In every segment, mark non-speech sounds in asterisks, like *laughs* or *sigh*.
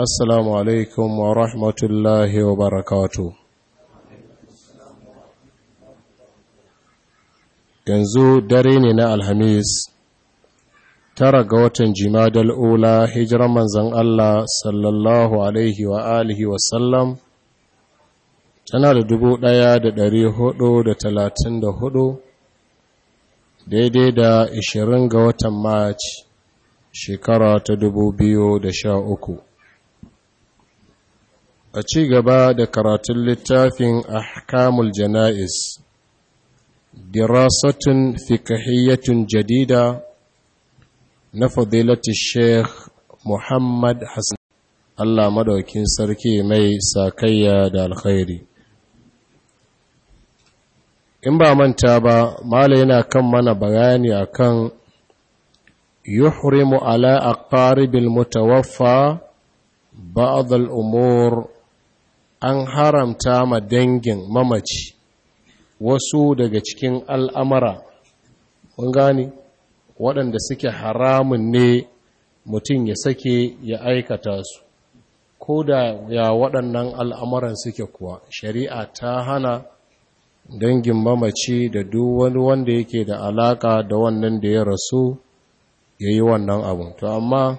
assalamu alaikum wa rahmatullahi wa barakatu yanzu dare ne na alhamis tara ga watan jimadal ula hijiran manzan Allah sallallahu alaihi wa alihi wasallam tana da dubu ɗaya da dari hudu da talatin da hudu daidai da ashirin ga watan march shekara ta dubu biyu da sha uku a ci gaba da karatun littafin ahkamul jana'iz dirasatun fikahiyyatun jadida na fadilati sheikh muhammad hassan allah madaukin sarki mai sakayya da alkhairi in ba manta ba mala yana kan mana bayani akan yuhrimu ala aqaribil mutawaffa ba'd al-umur an haramta ma dangin mamaci wasu daga cikin al'amara mun gani waɗanda suke haramun ne mutum ya sake ya aikata su ko da ya waɗannan al'amuran suke kuwa shari'a ta hana dangin mamaci da duwani wanda yake da alaƙa da wannan da ya rasu ya yi wannan abin to amma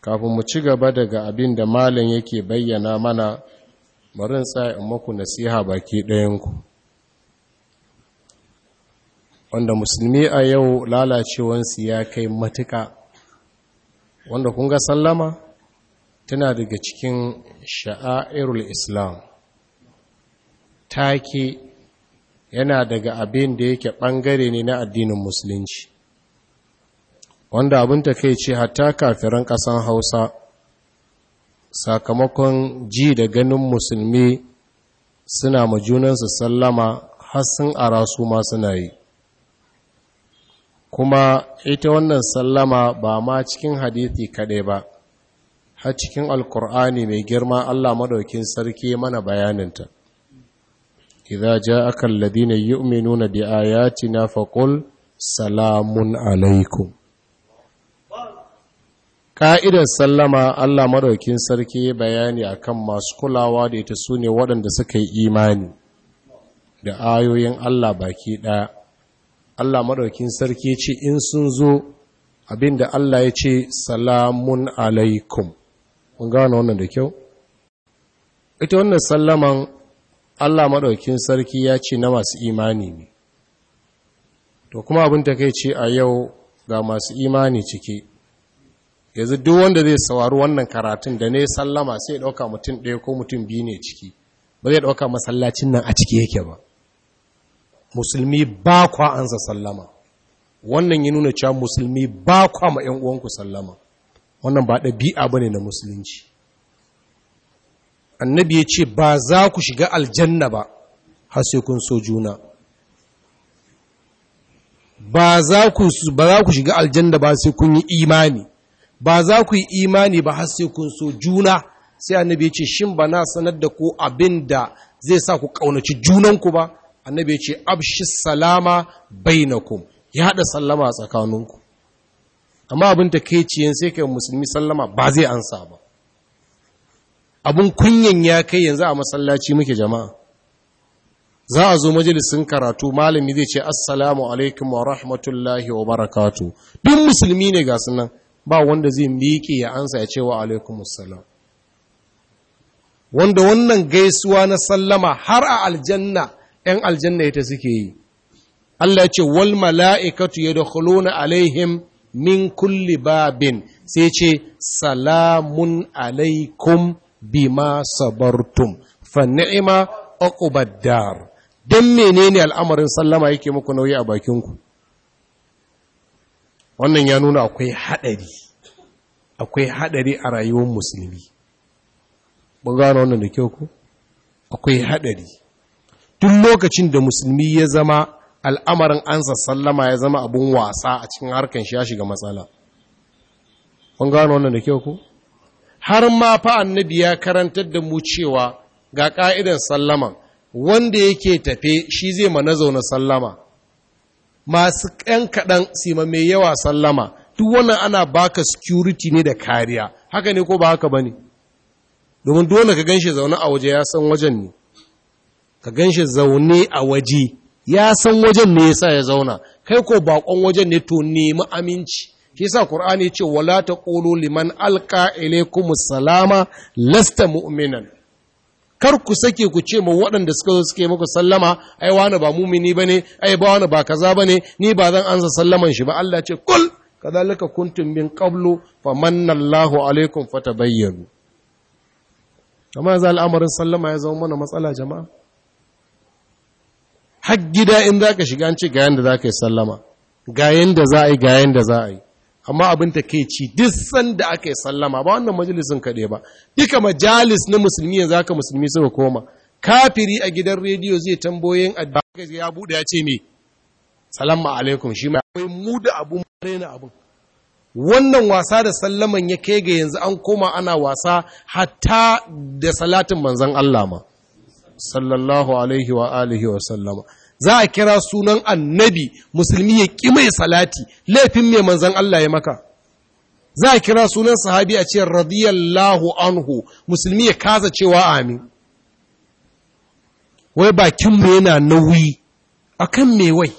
kafin mu ci gaba daga abin da malin yake bayyana mana barin tsaye in maku nasiha baki ɗayanku wanda musulmi a yau lalacewansu ya kai matuka wanda kun ga sallama tana daga cikin sha'airul islam take yana daga abin da yake ɓangare ne na addinin musulunci wanda abin ta kai ce hatta kafiran ƙasan hausa sakamakon ji da ganin musulmi suna majunansu sallama har sun ara su ma suna yi kuma ita wannan sallama ba ma cikin hadithi kaɗai ba har cikin alkur'ani mai girma allah maɗaukin sarki mana bayaninta idza ja'aka alladhina da bi ayatina faqul salamun alaikum ka'idar sallama Allah maɗaukin sarki bayani akan masu kulawa da ita su ne waɗanda suka yi imani da ayoyin Allah baki ɗaya Allah maɗaukin sarki ce in sun zo abinda Allah ya ce salamun alaikum mun gano wannan da kyau ita wannan sallaman Allah maɗaukin sarki ya ce na masu imani ne to kuma abin ta ce a yau ga masu imani ciki yanzu duk wanda zai saurari wannan karatun da ne sallama sai dauka mutum ɗaya ko mutum biyu ne ciki ba zai ɗauka masallacin nan a ciki yake ba musulmi ba kwa ansa sallama wannan ya nuna cewa musulmi ba kwa ma ‘yan uwanku sallama wannan ba ɗabi'a ba ne na musulunci annabi ya ce ba za ku shiga aljanna ba har sai kun so juna ba za ku shiga aljanna ba sai kun yi imani ba za ku yi imani ba har sai kun so juna sai annabi ya ce shin ba na sanar da ku abin da zai sa ku ƙaunaci junanku ba annabi ya ce abshi salama bainakum ya haɗa sallama a tsakaninku amma abin da kai ciyen sai kai musulmi sallama ba zai ansa ba abin kunyan ya kai yanzu a masallaci muke jama'a za a zo majalisin karatu malami zai ce assalamu alaikum wa rahmatullahi wa barakatu duk musulmi ne ga sunan ba wanda zai miƙe ya ansa ya ce wa alaikumussalam wanda wannan gaisuwa na sallama har a aljanna ‘yan aljanna ita suke yi Allah ce wal mala'ikatu ya da alaihim min kulli babin sai ce salamun alaikum bima sabartum fa ni'ima uqubaddar dan menene al'amarin sallama yake muku nauyi a bakinku wannan ya nuna akwai haɗari akwai haɗari a rayuwar musulmi ba gano wannan da kyau ku akwai haɗari Tun lokacin da musulmi ya zama al'amarin ansa sallama ya zama abun wasa a cikin harkar shi ya shiga matsala ban gano wannan da kyau ku har ma fa annabi ya karantar da mu cewa ga ƙa'idar sallaman wanda yake tafe shi zai ma na zaune sallama masu ƴan kaɗan sima mai yawa sallama duk wannan ana baka security ne da kariya haka ne ko ba haka ba ne domin dole ka ganshi zaune a waje ya san wajen ne ka ganshi zaune a waje ya san wajen ne ya sa ya zauna kai ko baƙon wajen ne to nemi aminci Ke sa ƙur'ani ce wala ta ƙolo liman alqa ilaikum salama lasta mu'minan kar ku sake ku ce ma waɗanda suka zo suke muku sallama ai wani ba mumini bane ai ba wani ba kaza bane ni ba zan ansa sallaman shi ba Allah ce kul kadhalika kuntum min qablu famanna Allahu alaikum fatabayyanu amma za al'amarin sallama ya zama mana matsala jama'a har gida in zaka shiga an ce ga yanda zaka yi sallama ga yanda za a yi ga yanda za a yi amma abin ta ke ci duk sanda aka yi sallama ba wannan majalisun kaɗai ba duka majalis na musulmi yanzu haka musulmi suka koma kafiri a gidan rediyo zai tamboyin addu'a ya bude ya ce me salamu alaikum shi mai mu da abun rena abun wannan wasa da sallaman ya kai ga yanzu an koma ana wasa hatta da salatin manzon Allah ma sallallahu alaihi wa alihi wa sallama za a kira sunan annabi musulmi ya ƙi mai salati laifin mai manzan Allah ya maka za a kira sunan sahabi a ce radiyallahu anhu musulmi ya kaza cewa amin wai bakin mu yana nauyi akan me wai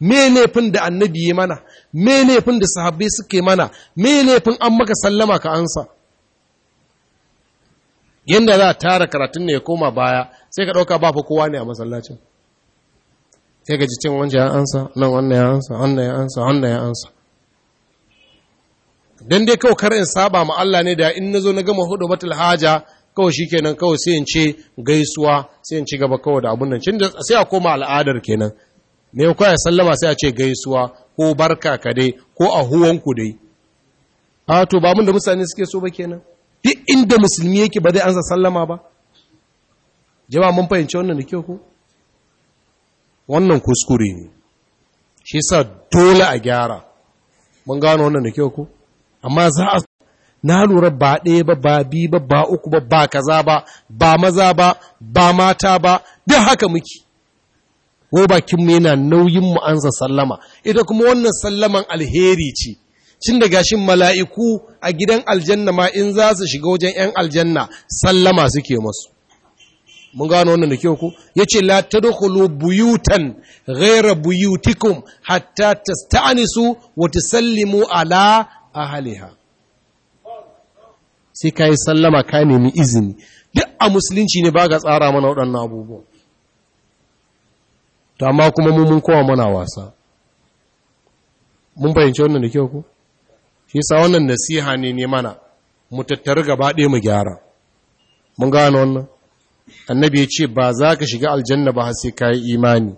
me laifin da annabi ya mana me laifin da sahabbai suke mana me laifin an maka sallama ka ansa yanda za a tara karatun ne ya koma baya sai ka ɗauka ba fa kowa ne a masallacin sai ga jicin wancan ya ansa nan wannan ya ansa wannan ya ansa wannan ya ansa don dai kawo kar in saba ma Allah ne da in nazo na gama hudu batul haja kawai kenan kawai sai in ce gaisuwa sai in ci gaba kawai da abun nan cin sai a koma al'adar kenan me ko ya sallama sai a ce gaisuwa ko barka ka dai ko a huwanku dai a to ba mun da mutane suke so ba kenan duk inda musulmi yake ba zai ansa sallama ba jama'a mun fahimci wannan da kyau ko wannan kuskure ne shi sa dole a gyara mun gano wannan da kyau ku amma za a na lura ba ɗaya ba ba biyu ba ba uku ba ba kaza ba ba maza ba ba mata ba duk haka muke wai bakinmu yana nauyin mu ansa sallama ita kuma wannan sallaman alheri ce cin da gashin mala'iku a gidan aljanna ma in za su shiga wajen ‘yan aljanna sallama suke masu mun gano wannan da kyau ko ce la dukulu buyutan ghayra buyutikum hatta tasta'nisu wa sallimu ala haliha. sai yi sallama ka nemi izini duk a musulunci ne ba ga tsara mana waɗannan abubuwan Ta amma kuma mu mun kowa mana wasa mun fahimci wannan da kyau ko shi sa wannan nasiha ne ne mana mu tattara gaba ɗaya mu gyara mun gano wannan annabi ya ce ba za ka shiga aljanna ba har sai ka yi imani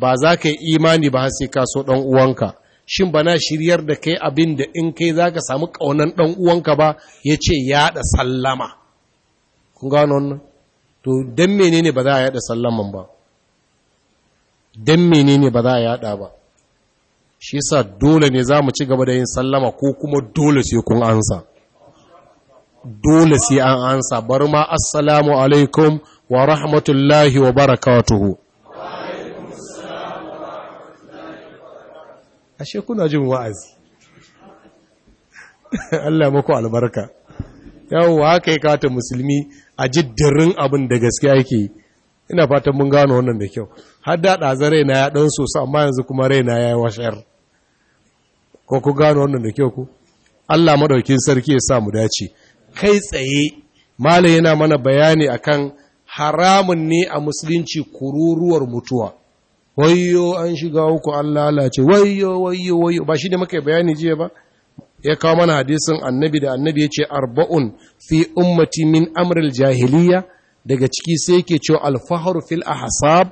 ba za ka yi imani ba har sai ka so ɗan uwanka shin bana shiryar da kai abin da in kai za ka samu ƙaunan ɗan uwanka ba ya ce yaɗa sallama kun gano wannan to don menene ba za a yaɗa sallaman ba don menene ba za a yaɗa ba shi sa dole ne za mu ci gaba da yin sallama ko kuma dole sai kun ansa dole sai an ansa bar ma assalamu alaikum wa rahmatullahi wa barakatuhu ashe kuna jin wa'azi *laughs* Allah muku albarka yawwa haka ya kata musulmi a jiddirin abin da gaskiya yake ina fatan mun gano wannan da kyau har da ɗaza raina ya ɗan sosai, amma yanzu kuma raina ya yi washar ko ku gano wannan da kyau ku Allah madaukin sarki ya sa mu dace kai tsaye malam yana mana bayani akan haramun ne a musulunci kururuwar mutuwa wayyo an shiga uku an lalace wayyo wayyo wayyo ba shi ne muka bayani jiya ba ya kawo mana hadisin annabi da annabi ya ce arba'un fi ummati min amril jahiliya daga ciki sai yake cewa alfahar fil ahsab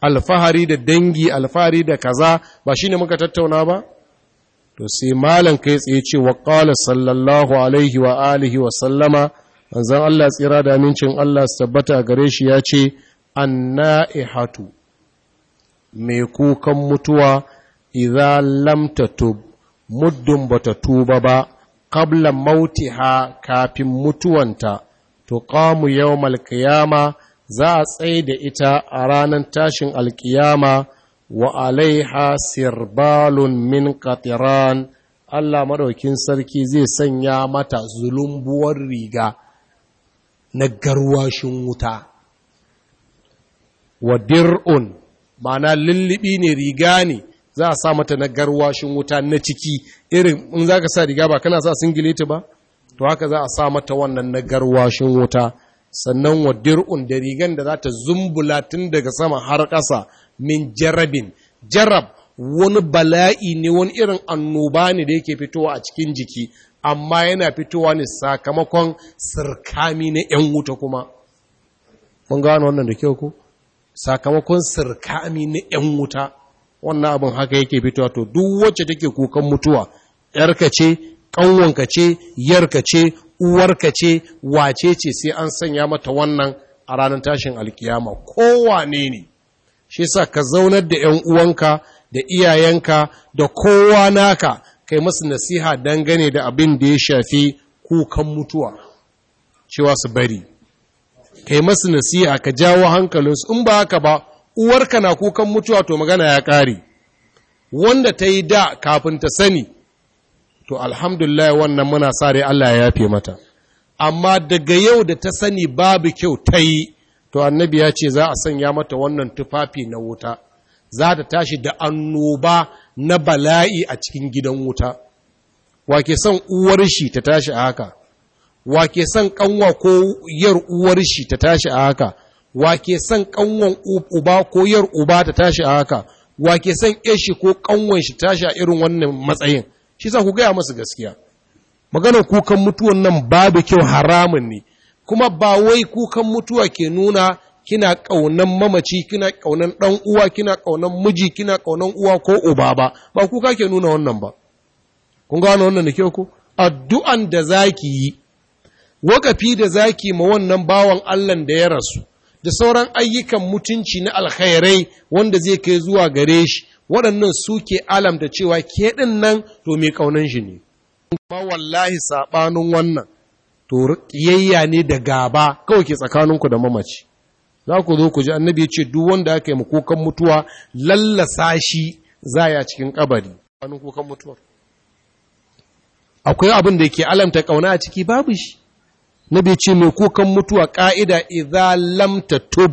alfahari da dangi alfahari da kaza ba shi ne muka tattauna ba to sai malam kai tsaye ce wa sallallahu alaihi wa alihi wa sallama manzon Allah tsira da amincin Allah su tabbata gare shi ya ce an annaihatu mai kukan mutuwa idza lam tatub muddun bata tuba ba qabla mautiha kafin mutuwanta to qamu yawmal qiyama za a tsaye da ita a ranar tashin alkiyama وعليها سربال من min Allah madaukin sarki zai sanya mata zulumbuwar riga na garwashin wuta wa dir'un ma'ana lullubi ne riga ne za a sa mata na garwashin wuta na ciki irin in za ka sa riga ba kana sa singileti ba to haka za a sa mata wannan na garwashin wuta sannan wa dir'un da rigan da za ta zumbula tun daga sama har ƙasa min jarabin jarab wani bala'i ne wani irin annoba ne da yake fitowa a cikin jiki amma yana fitowa ne sakamakon sirkami na 'yan wuta kuma Kun gano wannan da kyau ku sakamakon sirkami na 'yan wuta wannan abin haka yake fitowa to duk wacce take kukan mutuwa yarka ce ƙanwanka ce yarka ce uwarka ce wace ce sai an sanya mata wannan a ranar tashin alkiyama kowane ne shi sa ka zaunar da 'yan uwanka da iyayenka da kowa naka kai masu nasiha dangane da abin da ya shafi kukan mutuwa cewa su bari kai masu nasiha ka jawo hankalinsu in ba haka ba uwarka na kukan mutuwa to magana ya ƙare wanda ta yi da kafin ta sani to alhamdulillah wannan muna sa rai Allah ya yafe mata amma daga yau da ta sani babu kyau ta yi to annabi ya ce za a sanya mata wannan tufafi na wuta za ta tashi da annoba na bala'i a cikin gidan wuta wake son uwar shi ta tashi a haka wake son kanwa ko yar uwar shi ta tashi a haka wake son kanwan uba ko yar uba ta tashi a haka wake son yashi ko kanwan shi tashi a irin wannan matsayin shi sa ku gaya masu gaskiya maganar kukan mutuwan nan babu kyau haramun ne kuma ba wai kukan mutuwa ke nuna kina ƙaunan mamaci kina ƙaunan ɗan uwa kina ƙaunan miji kina ƙaunan uwa ko uba ba ba kuka ke nuna wannan ba kun gano wannan da ke ku addu'an da zaki yi wakafi da zaki ma wannan bawan Allah da ya rasu da sauran ayyukan mutunci na alkhairai wanda zai kai zuwa gare shi waɗannan suke alamta cewa ke nan to mai ƙaunan shi ne. Kuma wallahi saɓanin wannan to ƙiyayya ne da gaba kawai ke tsakaninku da mamaci za ku zo ku ji annabi ya ce duk wanda aka yi kukan mutuwa lallasa shi za a cikin kabari mutuwar akwai abin da ke alamta kauna a ciki babu shi bai ce mai kukan mutuwa ka'ida idan lamta tub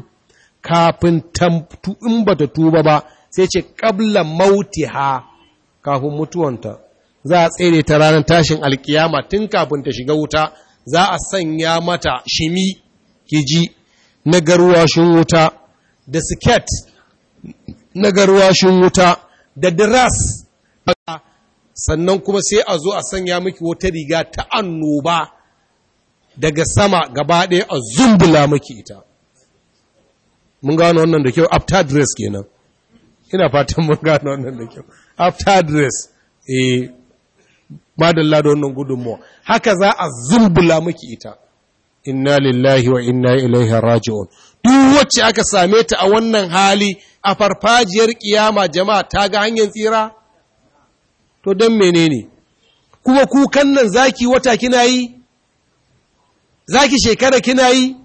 kafin tamtu in ta tuba ba sai ce mauti mautiha kafin mutuwanta za a tsere ta ranar tashin alkiyama tun kafin ta shiga wuta za a sanya mata shimi ji na garwashin wuta da siket na garwashin wuta da diras sannan kuma sai a zo a sanya miki wata riga ta annoba daga sama gaba ɗaya a zumbula miki ita mun gano wannan da kyau after dress kenan ina fatan mun gano wannan da kyau after dress eh ba da da wannan gudunmuwa haka za a zumbula miki ita inna lillahi wa inna ilaihi raji'un duk wacce aka same ta a wannan hali a farfajiyar kiyama jama'a ta ga hanyar tsira to dan menene kuma kukan nan zaki wata kina yi zaki shekara kina yi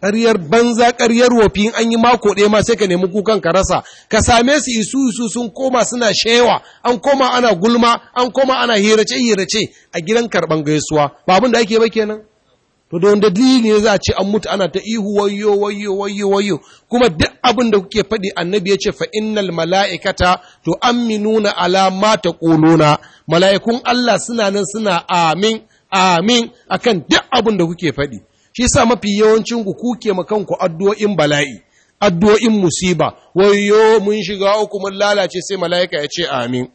ƙaryar banza ƙaryar wofin, an yi mako ɗaya ma sai ka nemi kukan ka rasa ka same su isu isu sun koma suna shewa an koma ana gulma an koma ana hirace hirace a gidan karɓan gaisuwa ba abin da ake ba kenan to da wanda dalili ne za a ce an mutu ana ta ihu wayyo wayyo wayyo wayyo kuma duk abin da kuke faɗi annabi ya ce fa innal mala'ikata to aminuna ala ma taquluna mala'ikun Allah suna nan suna amin amin akan duk abin da kuke faɗi shi sa mafi yawancin ku kuke makanku addu'o'in bala'i addu'o'in musiba wayo mun shiga uku mun lalace sai mala'ika ya ce amin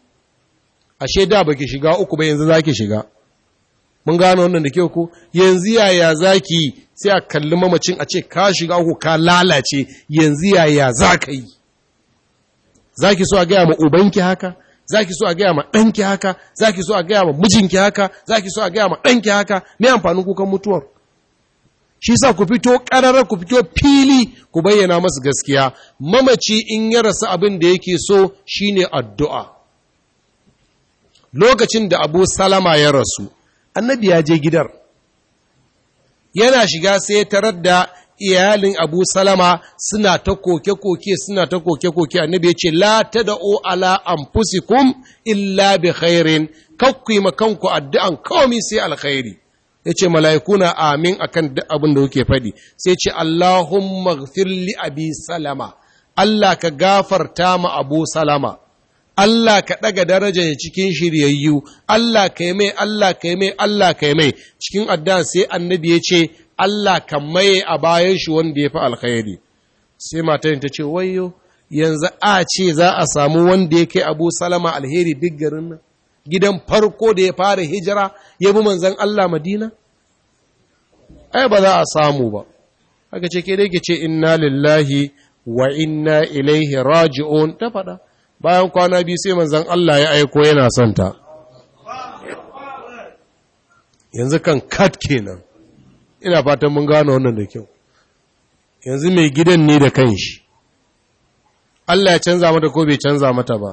ashe da baki shiga uku ba yanzu zaki shiga mun gano wannan da ke ku yanzu yaya zaki sai a kalli mamacin a ce ka shiga uku ka lalace yanzu yaya za ka yi zaki so a gaya ma ubanki haka zaki so a gaya ma ɗanki haka zaki so a gaya ma mijinki haka zaki so a gaya ma ɗanki haka me amfanin kukan mutuwar shi sa ku fito ƙarara ku fito fili ku bayyana masu gaskiya mamaci in ya rasu abin da yake so shine addu'a lokacin da abu salama ya rasu annabi ya je gidar yana shiga sai ya tarar da iyalin abu salama suna ta koke-koke suna ta koke-koke annabi ya ce la ta da'o ala anfusikum illa bi khairin kakku yi makanku addu'an kawai sai alkhairi Yace mala'ikuna amin akan duk abin da kuke faɗi sai ce Allahumma gfirli abi salama Allah ka gafarta ma abu salama Allah ka ɗaga darajar cikin shiryayyu Allah ka yi mai Allah ka yi mai Allah ka yi mai cikin adda sai annabi ya ce Allah ka maye a bayan shi wanda ya fi alkhairi sai matan ta ce wayo yanzu a ce za a samu wanda ya kai abu salama alheri duk garin nan gidan farko da ya fara hijira ya bi manzan Allah madina ai ba za a samu ba Haka ce ke dai ce inna lillahi wa inna ilaihi raji'un ta faɗa bayan kwana biyu sai manzan Allah ya aiko yana santa yanzu kan kat kenan ina fatan mun gano wannan da kyau yanzu mai gidan ne da kanshi Allah ya canza mata ko bai canza mata ba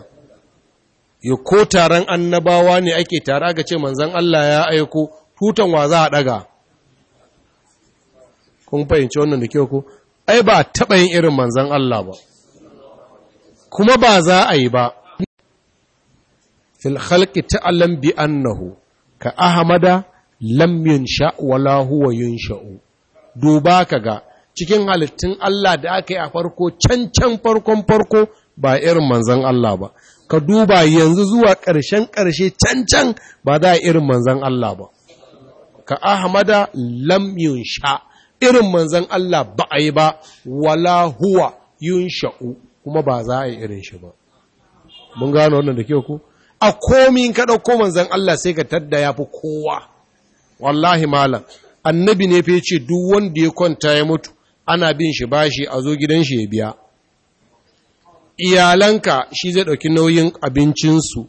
ya ko taron annabawa ne ake tara ga ce manzan Allah ya aiko tutan wa za a ɗaga kun fahimci wannan da kyau ku? ai ba taɓa yin irin manzan Allah ba kuma ba za a yi ba filhalki khalqi bi annahu ka ahmada lam yunsha wala huwa sha'u duba ga cikin halittun Allah da aka yi a farko can can farkon farko ba irin manzan Allah ba ka duba yanzu zuwa ƙarshen ƙarshe cancan ba za a irin manzan Allah ba ka ahmada lam sha irin manzan Allah ba a yi ba wala huwa sha'u kuma ba za a yi irin shi ba mun gano wannan da kyau ku a komi ka ɗauko manzan Allah sai ka tadda ya fi kowa wallahi malam annabi ne fa ce duk wanda ya kwanta ya mutu ana bin shi bashi a zo gidan shi ya biya iyalanka shi zai ɗauki nauyin abincinsu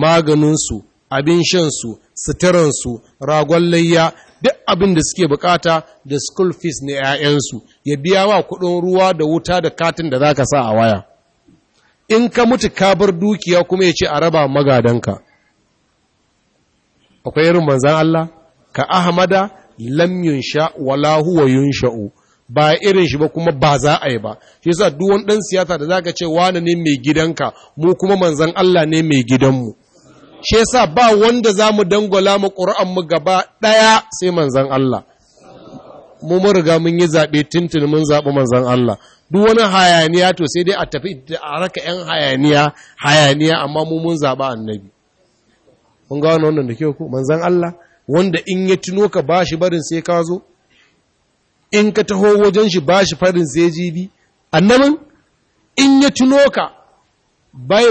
maganinsu abin shansu suturansu ragon layya duk abin da suke bukata da school fees na 'ya'yansu ya biya wa kudin ruwa da wuta da katin da za ka sa a waya in ka mutu ka bar dukiya kuma ya ce a raba magadanka akwai irin manzan Allah ka ahmada lam yunsha wala huwa yunsha'u ba irin shi ba kuma ba za a yi ba shi yasa duk wani dan siyasa da zaka ce wani ne mai gidanka mu kuma manzon Allah ne mai gidanmu shi yasa ba wanda zamu dangwala mu Qur'an mu gaba daya sai manzon Allah mu mun riga mun yi zaɓe tuntun mun zaɓi manzan Allah duk wani hayaniya to sai dai a tafi a raka 'yan hayaniya hayaniya amma mu mun zaɓa annabi mun ga wannan da kyau ko manzan Allah wanda in ya tuno ka ba shi barin sai ka zo in ka taho wajen shi ba shi farin sai jibi annabin in ya tuno ka bai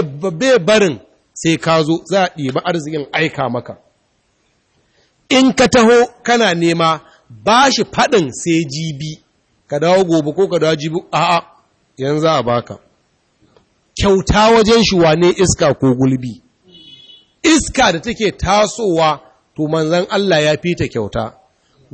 barin sai ka zo za a ɗiba arzikin aika maka in ka taho kana nema ba shi faɗin sai jibi ka dawo gobe ko ka dawo jibi a'a yanzu a baka kyauta wajen shi wane iska ko gulbi iska da take tasowa to manzan Allah ya fita kyauta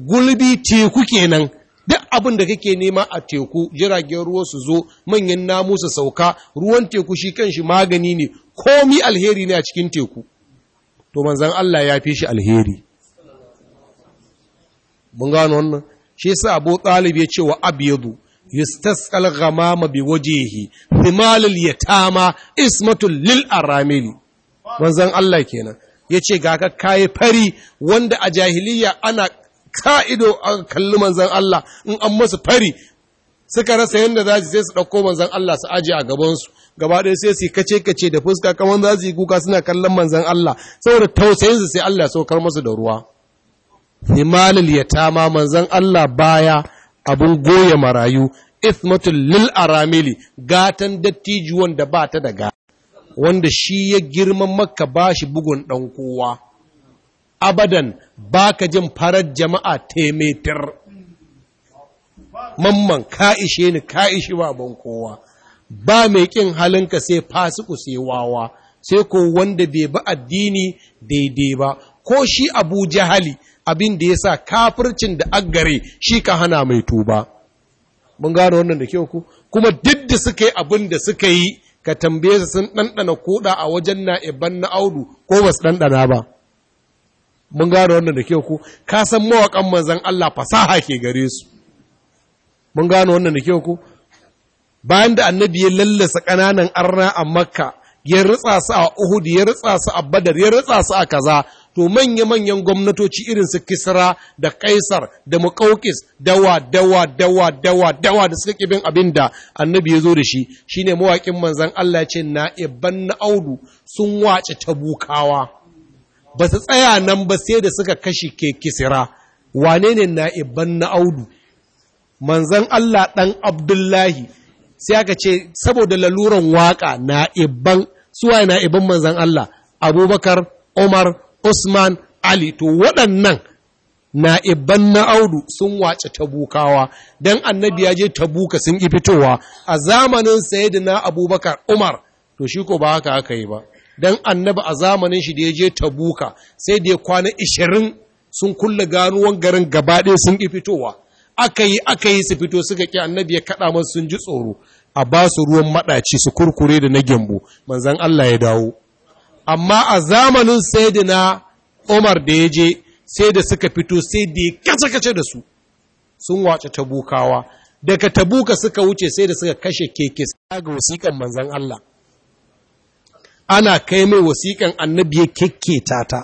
gulbi teku kenan duk abin da kake nema a teku jiragen ruwa su zo manyan namu su sauka ruwan teku shi kanshi magani ne komi alheri ne a cikin teku to manzan Allah ya fi shi alheri mun gano wannan shi yasa Abu Talib ya ce wa abyadu yastasqal ghamama biwajhihi thimal al-yatama ismatul lil aramili manzan Allah kenan yace ga ka kai fari wanda a jahiliya ana Ka'ido ido a kalli manzan Allah in an masu fari suka rasa yadda za su sai su ɗauko manzan Allah su ajiye a gabansu gaba ɗaya sai su kace kace da fuska kamar za su yi kuka suna kallon manzan Allah saboda tausayin su sai Allah ya saukar musu da ruwa himalil yatama manzan Allah baya abun goye marayu ismatul lil aramili gatan dattijuwan da ba ta da wanda shi ya girman makka ba shi bugun ɗan kowa abadan ba ka jin farar jama'a taimaitar. mamman ka ishe ni ka ishi baban kowa ba mai kin halinka sai fasiku sai wawa sai ko wanda bai ba addini daidai ba ko shi abu jahali abin da ya sa kafircin da Agare shi ka hana mai tuba mun gano wannan da kyau ku kuma duk da suka yi abin da suka yi ka tambaye su sun ɗanɗana koɗa a wajen na iban na audu ko ba su ɗanɗana ba mun gane wannan da kyau ku ka san mawakan manzon Allah fasaha ke gare su mun gane wannan da kyau ku bayan da annabi ya lallasa ƙananan arna a makka ya ritsa su a uhud ya ritsa su a badar ya ritsa su a kaza to manya-manyan gwamnatoci irin su kisra da kaisar da mukaukis dawa dawa dawa dawa dawa da suka kibin abin da annabi ya zo da shi shine mawaƙin manzan Allah ce na na audu sun wace tabukawa ba su tsaya nan ba sai da suka kashe ke kisira wane ne iban na audu manzan Allah ɗan abdullahi sai aka ce saboda laluran waƙa iban suwa na'iban manzan Allah abubakar umar usman ali to waɗannan na'iban na audu sun wace tabukawa don annabi ya je tabuka sun ƙi fitowa a zamanin sayidina abubakar umar to shi ko ba haka aka yi ba dan annabi a zamanin shi da ya je tabuka sai da ya kwana ishirin sun kulle ganuwan garin gabaɗe sun ƙi fitowa aka yi aka yi su fito suka ƙi annabi ya kaɗa masu sun ji tsoro a ba su ruwan maɗaci su kurkure da na gyambo manzan Allah ya dawo amma a zamanin sai da na Umar da ya je sai da suka fito sai da ya kace-kace da su sun wace tabukawa daga tabuka suka wuce sai da suka kashe keke ga wasiƙan manzan Allah ana kai mai wasiƙan annabi ya kekketa ta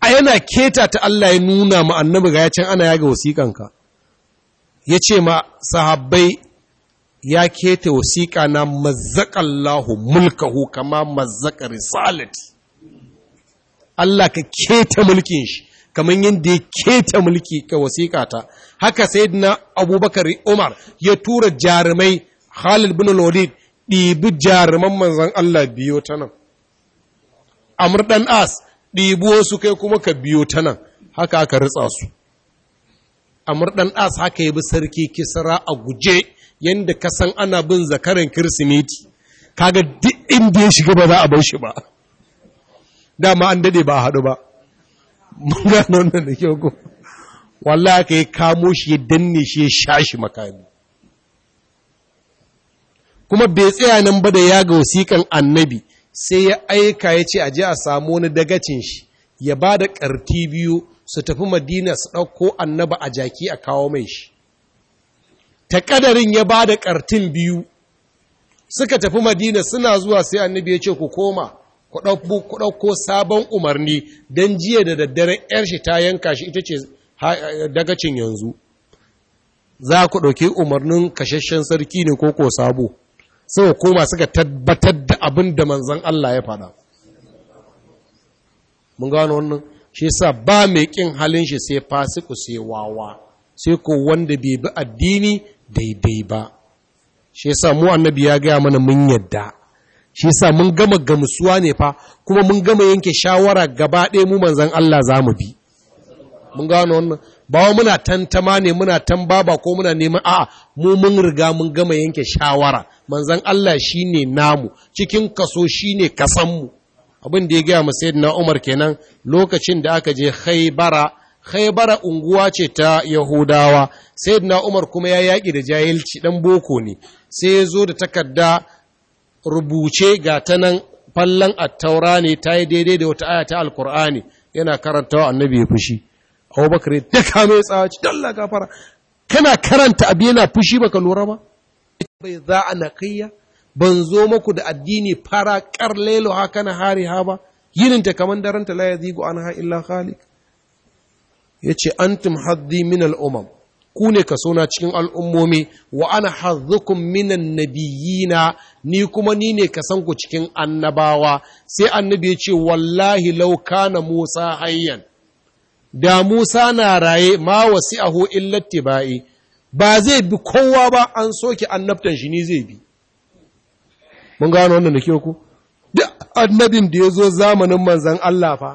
a yana keta ta Allah ya nuna ma annabi ga yacin ana yaga wasiƙanka ya ce ma sahabbai ya keta wasiƙa na mazzaƙallahu mulkahu kama mazaƙa risalati Allah ka keta mulkin shi kamar yadda ya keta mulki ka wasiƙa ta haka sai na abubakar umar ya tura jarumai khalid bin walid ɗibi jaruman manzan Allah biyo ta nan amur ɗan as ɗibi wasu kai kuma ka biyo ta nan haka aka ritsa su amur ɗan as haka yi bi sarki kisara a guje yadda ka san ana bin zakaran kirsimeti kaga duk inda ya shiga ba za a bar shi ba dama an dade ba a haɗu ba mun gano wannan da kyau ko wallahi ka yi kamo shi ya danne shi ya sha shi makami kuma bai tsaya nan ba da ya ga wasiƙan annabi sai ya aika ya ce a ji a samu wani dagacin shi ya ba da ƙarti biyu su tafi madina su ɗauko annaba a jaki a kawo mai shi ta ƙadarin ya ba da ƙartin biyu suka tafi madina suna zuwa sai annabi ya ce ku koma ku ɗauko sabon umarni don jiya da daddare ‘yar shi ta yanka shi ita ce dagacin yanzu za ku ɗauki umarnin kashashen sarki ne ko ko sabo ku koma suka tabbatar da abin da manzan Allah ya faɗa mun gano wannan shi sa ba mai ƙin halin shi sai fasiku sai wawa sai ko wanda bai bi addini daidai ba shi sa mu annabi ya gaya mana mun yadda shi sa mun gama gamsuwa ne fa kuma mun gama yanke shawara gaba ɗaya mu manzan Allah za mu bi mun gano wannan ba muna tantama ne muna ba ko muna neman a mu mun riga mun gama yanke shawara manzan Allah shi ne namu cikin kaso shi ne mu abin da ya gaya ma sayyidina Umar kenan lokacin da aka je haibara haibara unguwa ce ta Yahudawa sayyidina Umar kuma ya yaki da jahilci dan boko ne sai ya zo da takarda rubuce ga ta nan fallon attaura ne ta yi daidai da wata aya ta alkur'ani yana karantawa annabi ya fushi abubakar da kame tsawa ci dalla gafara kana karanta abu yana fushi baka lura ba bai za a naƙiyya ban zo maku da addini fara kar lelo haka na hari ha ba ta kaman daren ta la yazigu anha illa khaliq ya antum haddi min umam ku ne ka sona cikin al'ummomi wa ana min minan nabiyina ni kuma ni ne ka san ku cikin annabawa sai annabi yace wallahi lauka na musa hayyan da Musa na raye ma wasi ho'in illatti ba'i, ba zai bi kowa ba an soke annabtan shi ni zai bi. Mun gano wannan da ke ku? Duk annabin da ya zo zamanin manzan Allah fa,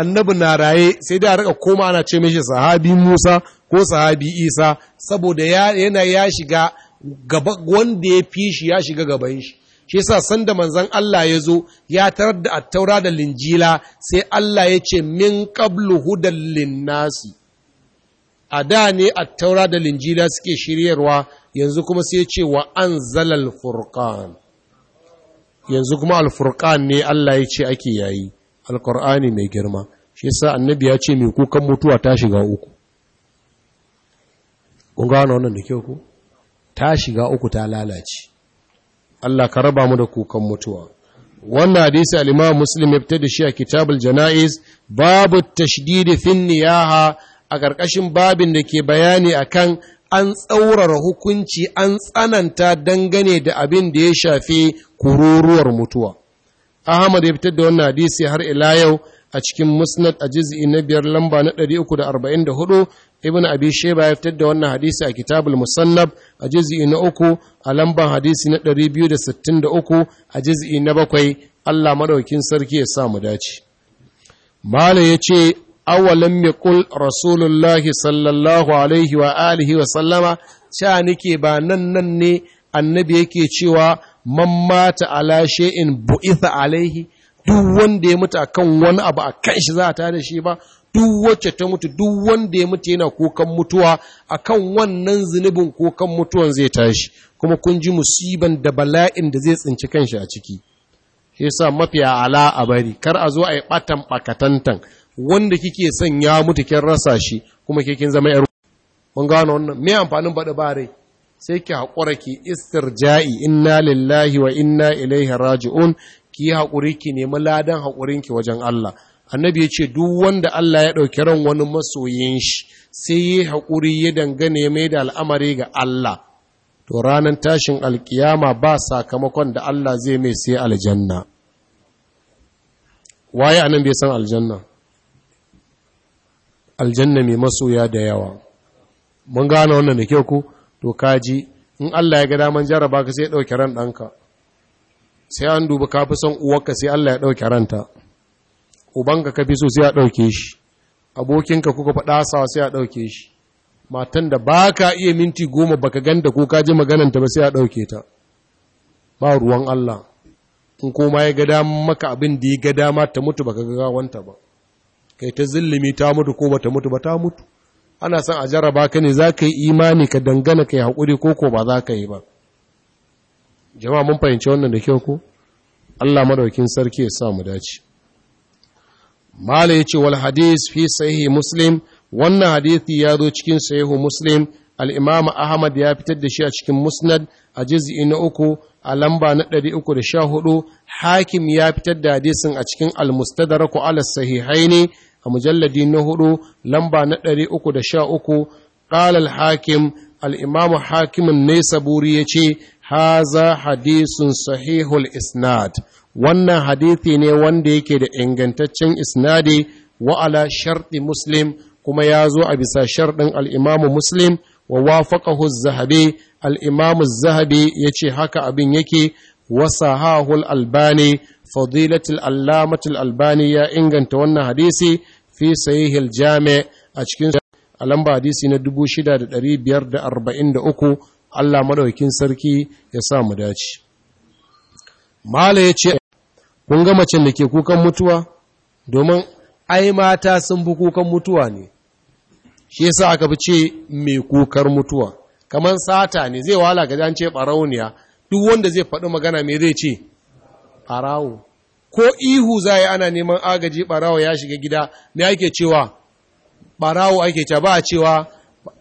annabi na raye sai da rika koma ana ce mishi sahabi Musa ko sahabi Isa, saboda yana ya shiga wanda ya fi shi ya shiga gaban shi. shi yasa sanda manzon Allah ya zo ya tarar da attaura da linjila sai Allah ya ce min qablu hudal linnasi a da ne attaura da linjila suke shiryarwa yanzu kuma sai ya ce wa anzalal furqan yanzu kuma alfurqan ne Allah ya ce ake yayi alqur'ani mai girma shi yasa annabi ya ce mai kukan mutuwa ta shiga uku kun gano wannan da kyau ku ta shiga uku ta lalace Allah ka raba mu da kukan mutuwa wannan hadisi al-Imam Muslim ya fitar da shi a Kitabul Janaiz babu tashdid fi niyaha a ƙarƙashin babin da ke bayani akan an tsaurara hukunci an tsananta dangane da abin da ya shafi kururuwar mutuwa Ahmad ya fitar da wannan hadisi har ila yau a cikin musnad a juz'i na biyar lamba na 344 ibn abi sheba ya fitar da wannan hadisi a kitabul musannab a juz'i na uku a lamban hadisi na 263 a juz'i na bakwai Allah madaukin sarki ya sa mu dace mala yace awalam yaqul rasulullahi sallallahu alaihi wa alihi wa sallama sha nike ba nan nan ne annabi yake cewa man mata ala shay'in bu'itha alaihi duk wanda ya mutu akan wani abu akan shi za ta da shi ba duk wacce ta mutu duk wanda ya mutu yana kokan mutuwa akan wannan zunubin kokan mutuwan zai tashi kuma kun ji musiban da bala'in da zai tsinci kanshi a ciki shi yasa mafi ala a bari kar a zo a yi batan bakatantan wanda kike son ya mutu kin rasa shi kuma ke kin zama yar mun gano wannan me amfanin bada bare sai ki haƙura ki istirja'i inna lillahi wa inna ilaihi raji'un ki haƙuri ki nemi ladan haƙurinki wajen Allah annabi ya ce duk wanda Allah ya ɗauki ran wani masoyin shi sai yi haƙuri ya dangane mai da al'amari ga Allah to ranar tashin alƙiyama ba sakamakon da Allah zai mai sai aljanna waye anan bai san aljanna aljanna mai masoya da yawa mun gane wannan da kyau ku to kaji in Allah ya ga daman jaraba ka sai ya ɗauki ran ɗanka sai an dubi ka fi son uwarka sai Allah ya ɗauki ranta ubanka ka fi so sai a ɗauke shi abokinka kuka faɗa sawa sai a ɗauke shi matan da ba ka iya minti goma baka ganta ko ka ji magananta ba sai a ɗauke ta ba ruwan Allah in koma ya ga maka abin da ya ga dama ta mutu baka ga gawanta ba kai ta zillimi ta mutu ko ba ta mutu ba ta mutu ana son a jarraba ka ne za ka yi imani ka dangana ka yi haƙuri ko ko ba za ka yi ba jama'a mun fahimci wannan da kyau ko Allah madaukin sarki ya sa mu dace mala ce wal hadis fi sahihi muslim wannan hadisi ya zo cikin sahihu muslim al ahmad ya fitar da shi a cikin musnad a juz'i na uku a lamba na da sha 314 hakim ya fitar da hadisin a cikin al-mustadrak sahihai ne a mujalladi na hudu lamba na da sha uku. Ƙalal hakim al Hakimin nesa-buri ya ce. haza hadisun sahihul isnad wannan hadithi ne wanda yake da ingantaccen isnadi wa ala sharɗi muslim kuma ya zo a bisa sharɗin al'imamu muslim wa wafaƙahu zahabi al'imamu zahabi ya ce haka abin yake wasa hahul albani fadilatul alamatul albani ya inganta wannan hadisi fi sahihil jami a cikin a lamba hadisi na 6543 Allah madaukin sarki ya sa mu dace mala ce, kun ga macen da ke kukan mutuwa domin ai mata sun bu kukan mutuwa ne shi yasa aka bi ce mai kukar mutuwa kamar sata ne zai wala ga an ce barauniya duk wanda zai faɗi magana me zai ce barawo ko ihu za ana neman agaji barawo ya shiga gida me ake cewa barawo ake cewa ba cewa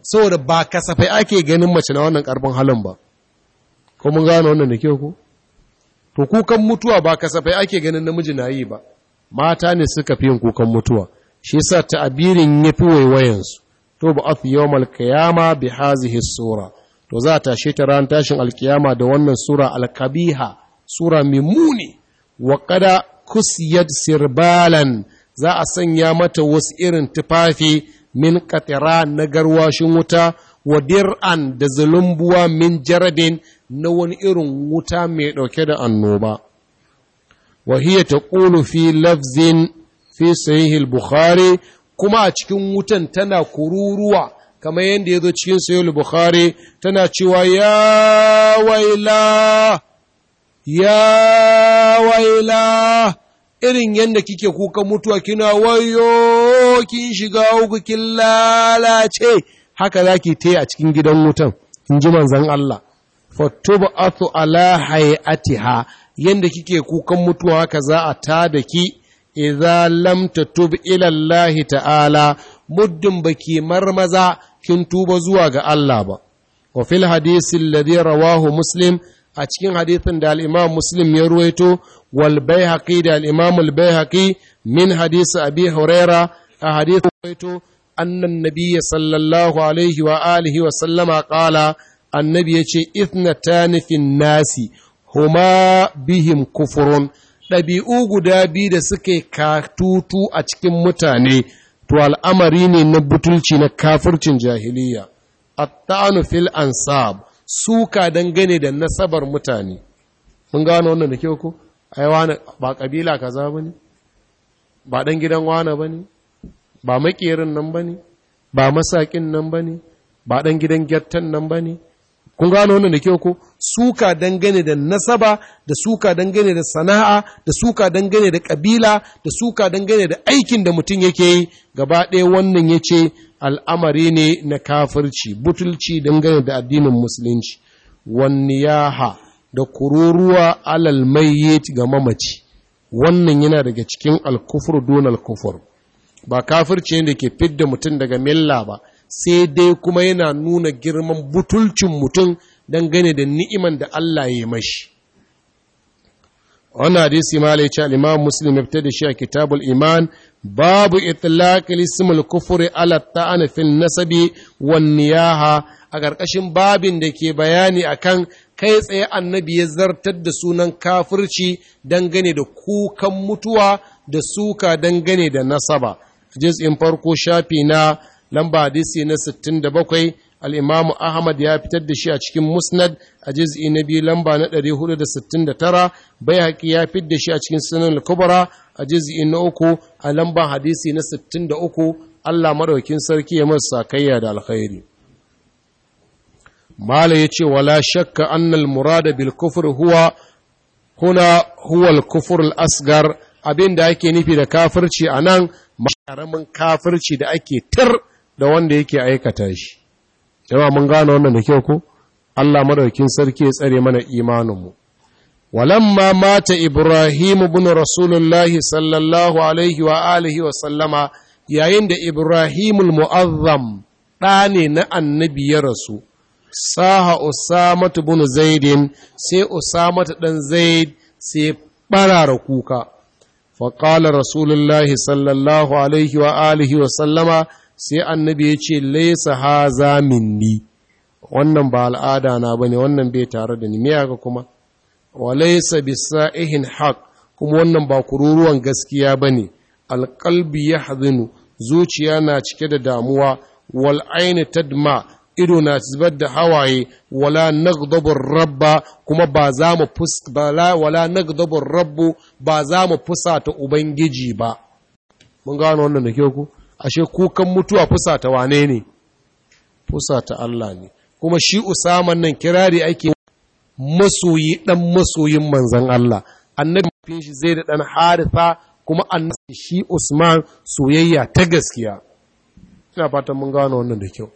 saboda ba kasafai ake ganin mace na wannan karfin halin ba ko mun gano wannan da kyau ko to kukan mutuwa ba kasafai ake ganin namiji na yi ba mata ne suka fi yin kukan mutuwa shi yasa ta'abirin yafi fi su to ba ath yawmal qiyama bi hazihi sura to za ta shi ta ran tashin alkiyama da wannan sura alkabiha sura mai muni wa kada kusiyat sirbalan za a sanya mata wasu irin tufafi min katira na garwashin wuta wa dir'an da zulumbuwa min jaradin na wani irin wuta mai ɗauke da annoba wa hiya taqulu fi lafzin fi sahih bukhari kuma a cikin wutan tana kururuwa kamar yadda ya zo cikin sahih bukhari tana cewa ya waila ya waila irin yadda kike kuka mutuwa kina wayo kin shiga uku kin lalace haka za ki ta a cikin gidan wutan in ji manzan Allah fattuba athu ala ha. yadda kike kukan mutuwa haka za a ta da ki idza lam tatub ila Allah ta'ala muddin baki marmaza kin tuba zuwa ga Allah ba wa fil hadisi alladhi rawahu muslim a cikin hadithin da al'imam muslim ya ruwaito wal haƙi da al'imam bai haƙi min hadisi abi huraira a hadithin ruwaito annan nabiya sallallahu alaihi wa alihi wa sallama ƙala annabi ya ce ta nufin nasi huma bihim kufurun ɗabi'u guda biyu da suke katutu a cikin mutane to al'amari ne na butulci na kafircin jahiliya at-ta'anu fil ansab suka dangane da nasabar mutane mun gano wannan da kyau ko ai wani ba kabila kaza bane ba dan gidan wani bane ba makerin nan bane ba masakin nan bane ba dan gidan gyattan nan bane kun gano wannan da kyau ko suka dangane da nasaba da suka dangane da sana'a da suka dangane da kabila da suka dangane da aikin da mutum yake yi gaba ɗaya wannan yace al'amari ne na kafirci butulci dangane da addinin musulunci Wani yaha da kururuwa alal mayyit ga mamaci wannan yana daga cikin alkufur don alkufur ba kafirci ne da ke fidda mutum daga milla ba sai dai kuma yana nuna girman butulcin mutum dangane da ni'iman da Allah ya mashi wannan hadisi ma lai cewa imam muslim ya da shi a kitabul iman babu itlaq kufuri kufri ala ta'an fil nasabi wan niyaha a ƙarƙashin babin da ke bayani akan kai tsaye annabi ya zartar da sunan kafirci dangane da kukan mutuwa da suka dangane da nasaba in farko shafi na lamba hadisi na 67 al'imamu ahmad ya fitar da shi a cikin musnad a jiz'i na biyu lamba na 469 bai haƙi ya fitar da shi a cikin sunan kubara a jiz'i na uku a lamban hadisi na 63 allah maraukin sarki ya masa sakayya da alkhairi mala ya ce wala shakka annal murada bil kufur huwa kuna huwal kufur al’asgar asgar abin da ake nufi da kafirci a nan ƙaramin kafirci da ake tir da wanda yake aikata shi yawa mun gano wannan da kyau ko Allah madaukin sarki ya tsare mana imaninmu walamma mata ibrahim ibn rasulullahi sallallahu alaihi wa alihi wa sallama yayin da ibrahimul mu'azzam ɗane na annabi ya rasu saha usama ibn zaidin sai usama dan zaid sai barara kuka qala rasulullahi sallallahu alaihi wa alihi wa sallama sai annabi ya ce laisa haza minni wannan ba al'ada na ba ne, wannan bai tare da ni me ga kuma wa laisa bisaihin haq kuma wannan ba kururuwan gaskiya ba ne. bane ya yahzinu zuciya na cike da damuwa wal aini tadma ido na zubar da hawaye wala naghdabur rabba kuma ba za mu bala wala naghdabur rabbu ba za mu fusata ubangiji ba mun gano wannan da ke ku ashe kukan mutuwa fusata wane ne ta Allah ne kuma shi usaman nan kirari ake masoyi dan masoyin manzon Allah annabi mafi shi zai da dan haritha kuma annabi shi usman soyayya ta gaskiya ina fatan mun gano wannan da kyau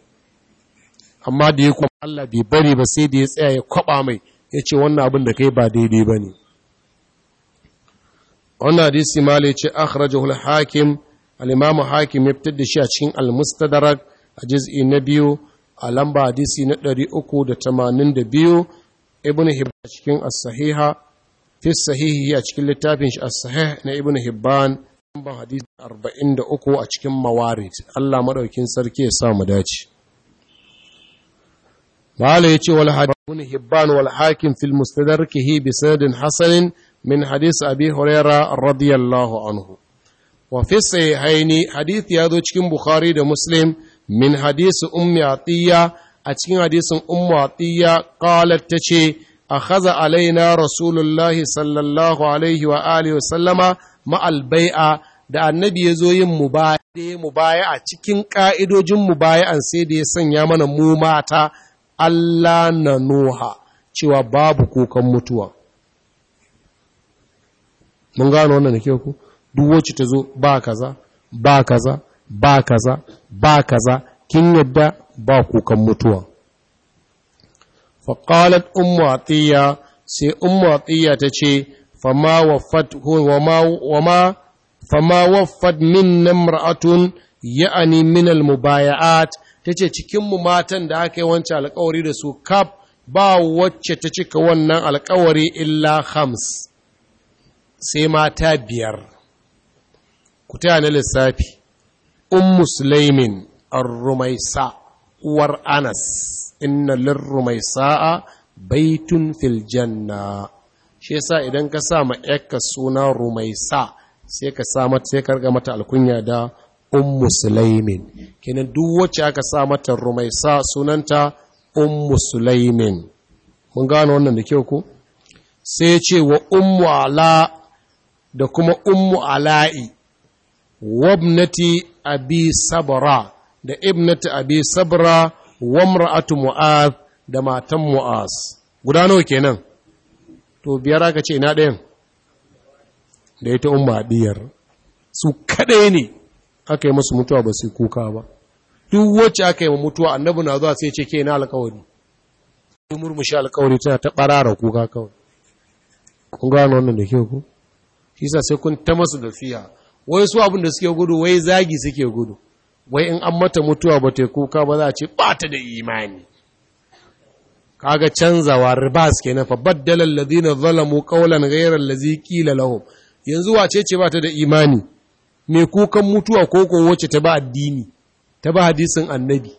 amma da ya kuma Allah bai bari ba sai da ya tsaya ya kwaba mai ya ce wannan abin da kai ba daidai ba ne wannan hadisi Mali ce akhrajahu al-hakim al'imamu hakim ya fitar da shi a cikin al-mustadrak a jiz'i na biyu a lamba hadisi na 382 ibn hibban cikin as-sahiha fi sahihi a cikin littafin shi as-sahih na ibn hibban lamba hadisi 43 a cikin mawarid Allah maɗaukin sarki ya sa mu dace Mala ya ce wal ibn hibban wal hakim fil mustadarkihi bi sanadin hasanin min hadisi abi hurairah radiyallahu anhu wa fi sahihaini hadith ya zo cikin bukhari da muslim min hadisi ummi atiya a cikin hadisin ummu atiya qalat tace akhadha alaina rasulullahi sallallahu alaihi wa alihi wa sallama ma albai'a da annabi ya zo yin mubaya mubaya a cikin ka'idojin mubaya'an sai da ya sanya mana mu mata Allah na Noha cewa babu kukan mutuwa. Mun gano wannan da ku? duk wacce ta zo ba kaza ba kaza ba kaza ba kaza kin yadda ba kukan mutuwa faƙalat ummu atiya sai ummu atiya ta ce fama waffat min namra'atun ya'ani min almubaya'at tace cikin mu matan da aka yi wancan alƙawari da su kaf ba wacce ta cika wannan alƙawari illa hams sai mata biyar ku taya na lissafi um musulmin ar uwar anas inna lir baitun fil janna shi yasa idan ka sa ma yakka suna rumaisa sai ka sa mata sai ka mata alkunya da um musulmin kenan duk wacce aka sa mata rumaisa sunanta um musulmin mun gano wannan da kyau ko sai ce wa ummu ala da kuma ummu ala'i wabnati abi sabra da ibnati abi sabra wamra'atu mu'az da matan mu'az guda nawa kenan to biyar aka ce na dayan. da ita umma biyar. su kaɗai ne aka yi musu mutuwa ba su kuka ba duk wacce aka yi mutuwa annabi na zuwa sai ce ke na alkawari murmushi alkawari tana ta ɓarara kuka kawai kun gano wannan da kyau ku shi sai kun ta masu da wai su abin da suke gudu wai zagi suke gudu wai in an mata mutuwa ba ta kuka ba za a ce ba ta da imani kaga canzawa ribas kenan fa baddala alladhina zalamu qawlan ghayra allazi qila lahum yanzu wace ce ba ta da imani me kukan mutuwa ko ko wace ta ba addini ta ba hadisin annabi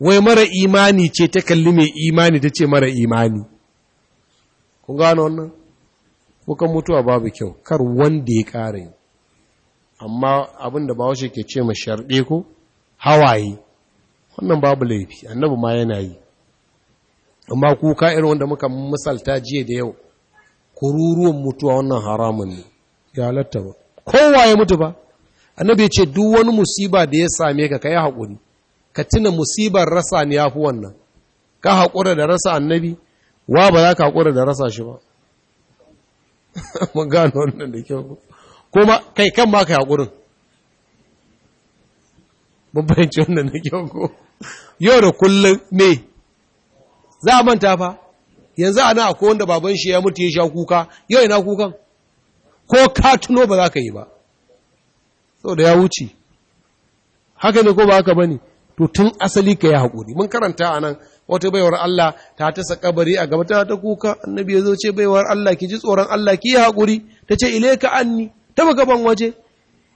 wai mara imani ce ta kalli mai imani ta ce mara imani kun gano wannan kuka mutuwa babu kyau kar wanda ya ƙare amma abinda da ke ce ma sharɗe ko hawaye wannan babu laifi annabi ma yana yi amma kuka irin wanda muka misalta jiya da yau kururuwan mutuwa wannan haramun ne ya halatta ba kowa ya mutu ba annabi ya ce duk wani musiba da ya same ka ka yi haƙuri ka tuna musibar rasa ne ya fi wannan ka haƙura da rasa annabi wa ba za ka haƙura da rasa shi ba *laughs* mun gano wannan da kyau kuma kai kan ma kai haƙurin, mun wannan da kyau ko yau da kullum me za a manta fa yanzu ana a wanda baban shi ya mutu ya sha kuka yau yana kukan ko ka tuno ba za ka yi ba Sau da ya wuce haka ne ko ba haka bane to tun asali ka yi haƙuri mun karanta a nan wata baiwar Allah ta tasa kabari a gaba ta ta kuka annabi ya zo ce baiwar Allah ki ji tsoron Allah ki yi haƙuri ta ce ilaika anni ta gaban waje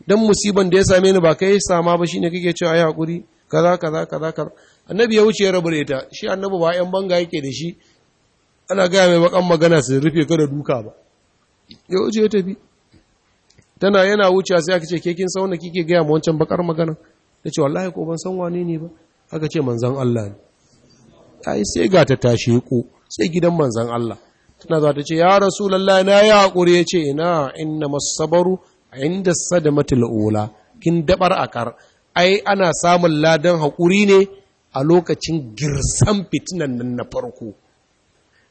dan musiban da ya same ni ba kai sama ba shine kake cewa ai haƙuri kaza kaza kaza kaza annabi ya wuce ya rabure ta shi annabi ba yan banga yake da shi ana gaya mai bakan magana su rufe ka da duka ba ya wuce ya tafi tana yana wuce sai aka ce ke kin sauna kike gaya ma wancan bakar magana ta ce wallahi ko ban san wane ne ba aka ce manzon Allah ne ai sai ga ta tashi ku sai gidan manzan Allah tana za ta ce ya rasulullahi na ya hakuri ya ce ina inna masabaru inda sada matula'ula kin dabar akar ai ana samun ladan haƙuri ne a lokacin girsan fitinan nan na farko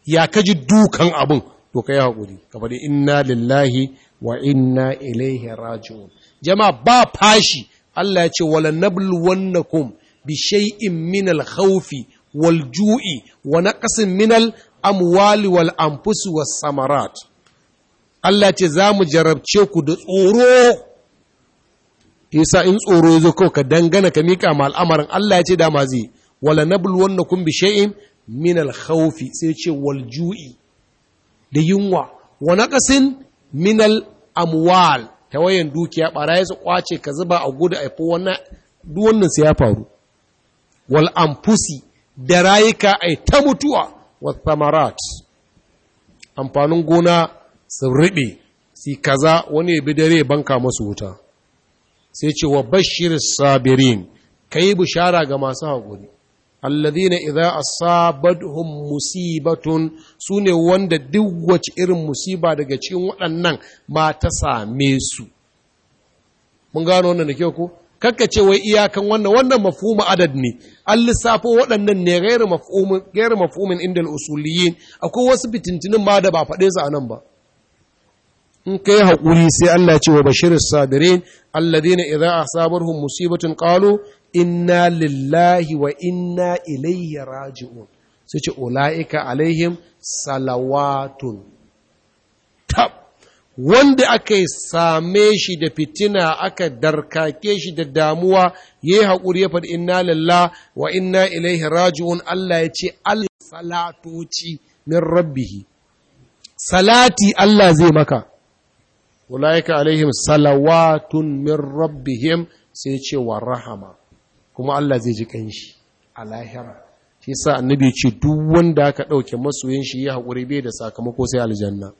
ya kaji dukan abin? to ya hakuri ka bari inna lillahi wa inna ilaihi raji'un jama'a ba fashi Allah ya ce wala nabluwannakum bi shay'in min al-khawfi Waljui. ju'i wa naqsin minal amuwali wal anfusi wa samarat Allah ce za mu jarabce ku da tsoro yasa in tsoro ya zo kawai ka dangana ka mika ma al'amarin Allah ya ce dama zai wala nabluwannakum bi shay'in min al sai ce waljui. da yunwa wa naqsin minal amuwal ta wayan dukiya bara su kwace ka zuba a gudu a fi wannan wannan ya faru wal da rayuka a ta mutuwa wa samarat amfanin gona su riɓe si kaza wani ya bi dare banka masu wuta sai ce wa bashir sabirin ka yi bishara ga masu haƙuri allazina idza asabathum musibatun sune wanda duk wace irin musiba daga cikin waɗannan ma ta same su mun gano wannan da kyau ko kakka ce wai iyakan wannan wannan mafhumu adad ne an lissafo waɗannan ne gairu mafhumin gairu mafhumin indal usuliyin akwai wasu fitintinin ma da ba faɗe su anan ba in kai haƙuri sai Allah ce wa bashirin sabirin alladhina idza asabarhum musibatun qalu inna lillahi wa inna ilayhi raji'un sai ce ulaika alaihim salawatun tab wanda aka same shi da fitina aka darkake shi da damuwa ya yi haƙuri ya faɗi inna lalla wa inna ilaihi raji'un Allah ya ce al-salatoci min rabbihi salati Allah zai maka ulaika alaihim salawatun min rabbihim sai ce wa rahama kuma Allah zai ji kanshi a lahira shi sa annabi ce duk wanda aka ɗauke masoyin shi ya haƙuri bai da sakamako sai aljanna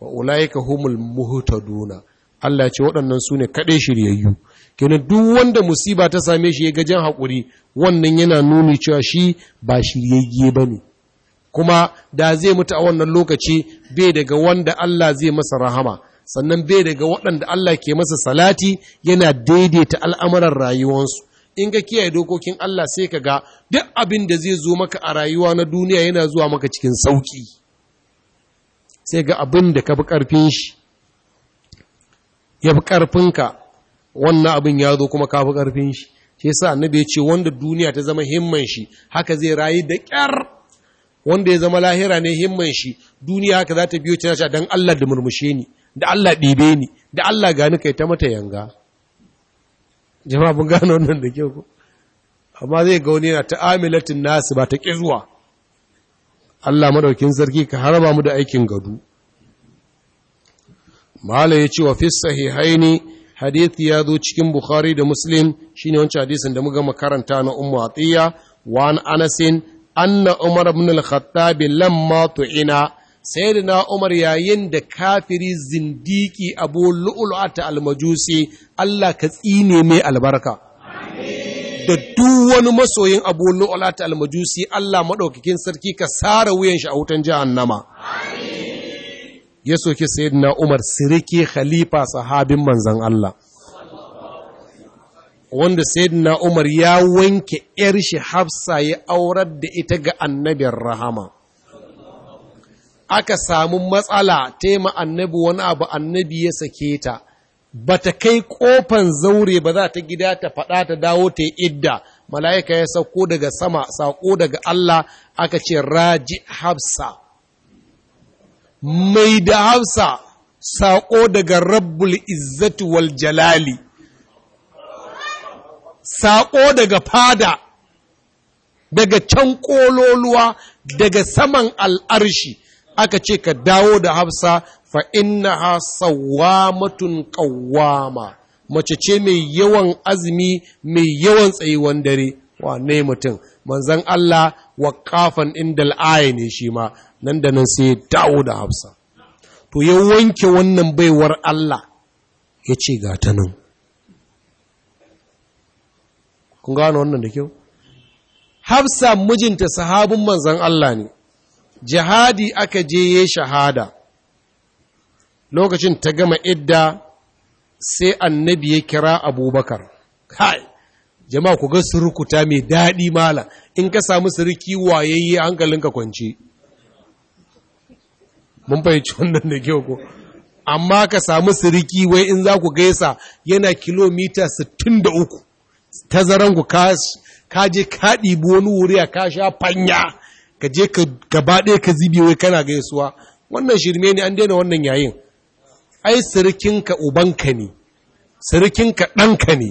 wa ulaika humul muhtaduna Allah ya ce waɗannan su ne kaɗai shiryayyu kenan duk wanda musiba ta same shi ya ga jan haƙuri wannan yana nuni cewa shi ba shiryayye ba ne kuma da zai mutu a wannan lokaci bai daga wanda Allah zai masa rahama sannan bai daga waɗanda Allah ke masa salati yana daidaita al'amuran rayuwarsu in ka kiyaye dokokin Allah sai ka ga duk abin da zai zo maka a rayuwa na duniya yana zuwa maka cikin sauƙi sai ga abin da ka fi ƙarfin shi ya fi ƙarfinka wannan abin ya zo kuma ka fi ƙarfin shi shi sa annabi ya ce wanda duniya ta zama himman shi haka zai rayu da ƙyar wanda ya zama lahira ne himman shi duniya haka za ta biyo ta nasha don Allah da murmushe ni da Allah ɗibe ni da Allah gani kai ta mata yanga jama'a mun gano wannan da kyau ko amma zai ga wani yana ta'amilatin nasu ba ta ƙizuwa Allah madaukin sarki ka haraba mu da aikin gado mala ya ce wa fi sahihaini ya zo cikin bukhari da muslim shine wancan hadisin da muka makaranta na ummu atiya wa an anasin anna umar ibn al-khattab lamma tu'ina sayyidina umar yayin da kafiri zindiki abu lu'lu'ata al-majusi Allah ka tsine mai albarka da duk wani masoyin abu almajusi Allah maɗaukakin sarki ka sara wuyan shi a wutan jahannama ya soki sayyidina Umar siriki khalifa sahabin manzon Allah wanda sayyidina Umar ya wanke yar shi Hafsa ya aurar da ita ga annabin rahama aka samu matsala taima annabi wani abu annabi ya sake ta ba ta kai ƙofan zaure ba za ta gida ta faɗa ta dawo ta yi idda mala'ika ya sauko daga sama saƙo daga Allah aka ce raji hafsa mai da hafsa saƙo daga rabbul izzati wal jalali saƙo daga fada daga can ƙololuwa daga saman al'arshi aka ce ka dawo da hafsa fa innaha sawwamatun qawwama mace ce mai yawan azumi mai yawan tsayuwan dare Wa ne mutum manzan Allah wa inda al'aya ne shi ma nan da nan sai dawo da Hafsa to ya wanke wannan baiwar Allah ya ce ga ta nan kun gano wannan da kyau Hafsa mijinta sahabin manzan Allah ne jihadi aka je ya shahada lokacin ta gama idda sai annabi ya kira abubakar kai jama'a ku ga surukuta mai daɗi mala in ka samu suruki wayayye hankalinka kwance mun fahimci wannan da kyau ko amma ka samu siriki wai in za ku gaisa yana kilomita 63 tazaran ku ka je ka ɗibi wani wuri a ka sha fanya ka je ka gaba ɗaya ka zibi wai kana gaisuwa wannan shirme ne an daina wannan yayin ai sirikinka ubanka ne sirikinka ɗanka ne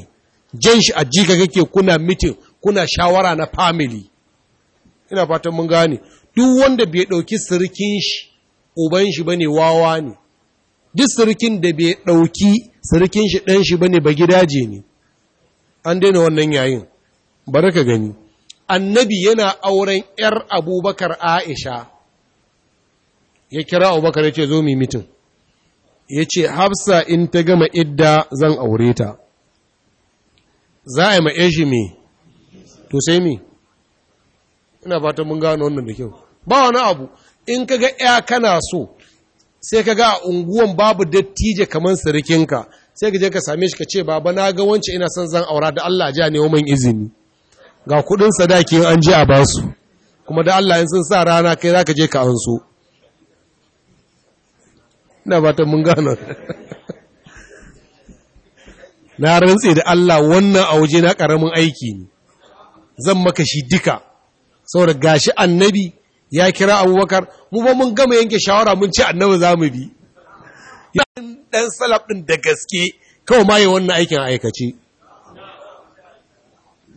jan shi a jika kake kuna mitin kuna shawara na family ina fatan mun gane duk wanda bai ɗauki sirikin shi uban shi bane wawa ne duk sirikin da bai ɗauki sirikin shi ɗan shi bane ba gidaje ne an daina wannan yayin bari ka gani annabi yana auren ‘yar abubakar aisha ya kira abubakar ya ce zo mi mitin ya ce hafsa in ta gama idda zan aure ta za a yi ma shi me to sai me ina fata mun gano wannan da kyau ba wani abu in ka ga ya kana so sai ka ga a unguwan babu dattije kamar sirikinka sai ka je ka same shi ka ce baba na ga wance ina son zan aura da Allah ja ne mun izini ga kuɗin sadaki an je a basu kuma da Allah in sun sa rana kai za ka je ka so. ina ba ta mun gano na rantse da Allah wannan a waje na ƙaramin aiki ne zan maka shi duka saboda gashi annabi ya kira abubakar mu ba mun gama yanke shawara mun ci annabi za mu bi ɗan salaf ɗin da gaske kawai ma yi wannan aikin aikace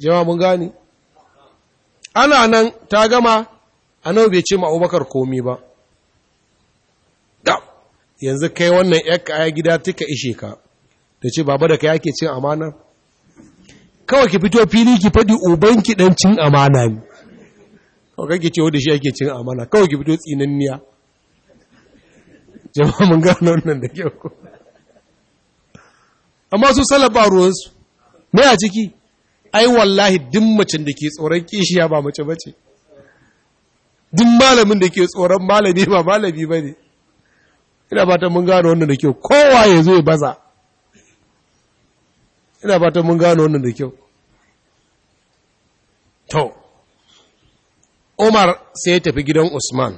jama'a mun gani ana nan ta gama annabi bai ce ma abubakar komi ba yanzu kai wannan ‘yar kaya gida tuka ishe ka, ta ce, Baba da kai ake cin amana? Kawai ki fito fili ki faɗi ki ɗan cin amana ne, kawai kake ce wadda shi ake cin amana, kawai ki fito tsinanniya. Jama mun gano wannan da kyau ko. Amma su salaba ruwansu, me a ciki? Ai, wallahi, din macin da ke tsoron kishiya ba mace bace. Din malamin da ke tsoron malami ba malami ba ne. ina fatan mun gano wannan da kyau kowa ya zo ya baza ina fatan mun gano wannan da kyau to Umar sai ya tafi gidan Usman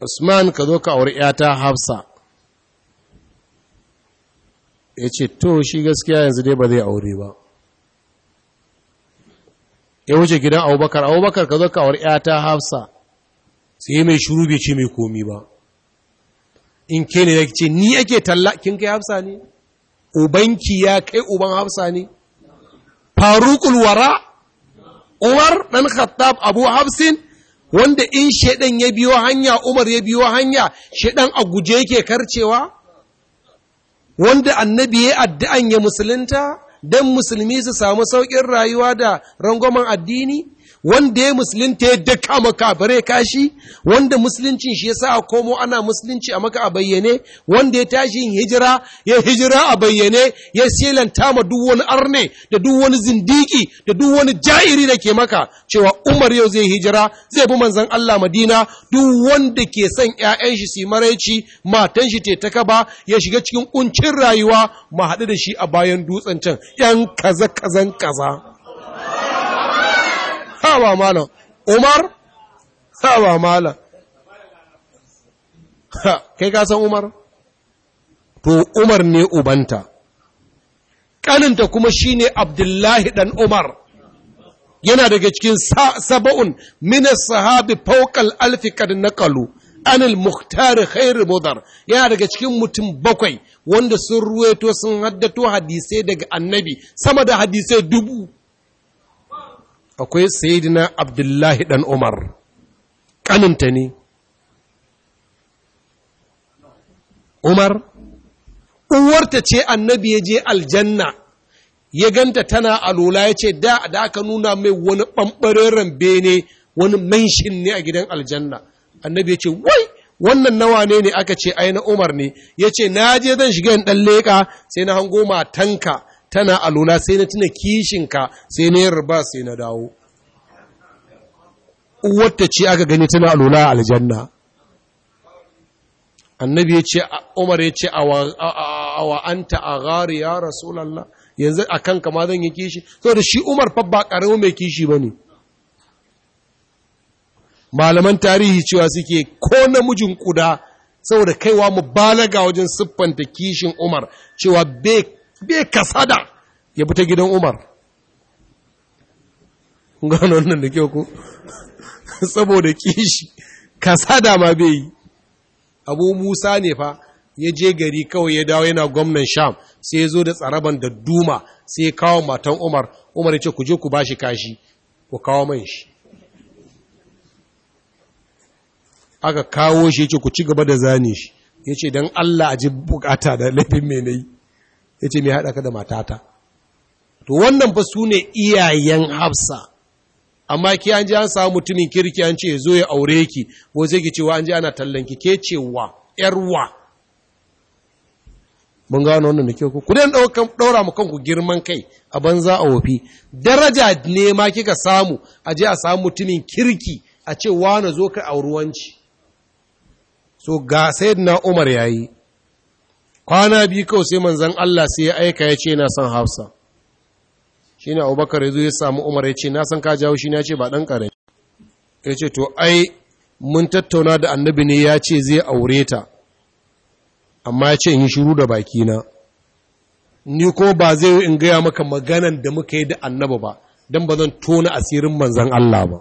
Usman ka zo ka auri ‘yata Hafsa, ya ce, To, shi gaskiya yanzu dai ba zai aure ba. Ya wuce gidan Abubakar, Abubakar ka zo ka auri ‘yata Hafsa, sai mai shuru bai ce mai komi ba. in ke ne ce ni ake talla kin kai hafsa ne ubanki ya kai uban hafsa ne faruqul wara umar dan khattab abu hafsin wanda in shedan ya biyo hanya umar ya biyo hanya shedan a guje yake karcewa wanda annabi ya addu'an ya musulunta dan musulmi su samu saukin rayuwa da rangwamen addini wanda ya musulunta ya daka maka bare kashi wanda musuluncin shi ya sa a komo ana musulunci a maka a bayyane wanda ya tashi yin hijira ya hijira a bayyane ya silanta ma duk wani arne da duk wani zindiki da duk wani ja'iri da ke maka cewa umar yau zai hijira zai bi manzon Allah Madina duk wanda ke son ƴaƴan shi su maraici matan shi te ta kaba ya shiga cikin kuncin rayuwa mu haɗu da shi a bayan dutsen can Yan kaza kazan kaza. ha ba malam umar ha malam ha kai ka san umar to umar ne ubanta ƙaninta kuma shine abdullahi dan umar yana daga cikin saba'un minas sahabi fawqal alfi kad naqalu anil muhtari khairu mudar yana daga cikin mutum bakwai wanda sun ruweto sun haddato hadisai daga annabi sama da hadisai dubu akwai sayidina abdullahi dan umar ƙaninta ne umar uwarta ce annabi ya je aljanna ya ganta tana alula ya ce da da aka nuna mai wani ɓamɓareren bene wani manshin ne a gidan aljanna annabi ya ce wai wannan nawa ne ne aka ce ai umar ne ya ce na je zan shiga yin ɗan leƙa sai na hango matanka tana lula sai na tuna kishinka sai na yarba sai na dawo wata ce aka gani tana lula a aljanna annabi ya ce umar ya ce a wa'anta a gari ya rasulallah yanzu a kan kama zan yi kishi so da shi umar fa ba mai kishi ba ne malaman tarihi cewa suke ko namijin kuda saboda kaiwa mu balaga wajen siffanta kishin umar cewa bai bai kasada ya ta gidan umar gano wannan da kyau ko *laughs* saboda kishi kasada ma bai yi abu musa ne fa ya je gari kawai ya dawo yana gwamnan sham sai ya zo da tsaraban da duma sai ya kawo matan umar umar ya ce ku je ku ba shi kashi ku kawo man shi aka kawo shi ya ce ku ci gaba da zane shi ya ce don allah a ji bukata da laifin mai na ya ce mai haɗa ka da matata to wannan ba su ne iyayen hafsa amma ki an ji an samu mutumin kirki an ce zo ya aure ki ko sai ki cewa an ji ana tallan ke cewa yarwa mun gano wannan da ke ku dan daukan daura mu kanku girman kai a banza a wofi daraja ne ma kika samu a je a samu mutumin kirki a ce wa na zo ka auruwanci so ga sayyidina Umar yayi kwana biyu kawai sai manzan Allah sai ya aika ya ce na son hafsa shi ne abubakar ya zo ya samu umar ya ce na san ka jawo shi ya ce ba ɗan ƙarami ya ce to ai mun tattauna da annabi ne ya ce zai aure ta amma ya ce in yi shiru da bakina ni ko ba zai yi in gaya maka maganan da muka yi da annabi ba don ba zan tona asirin manzan Allah ba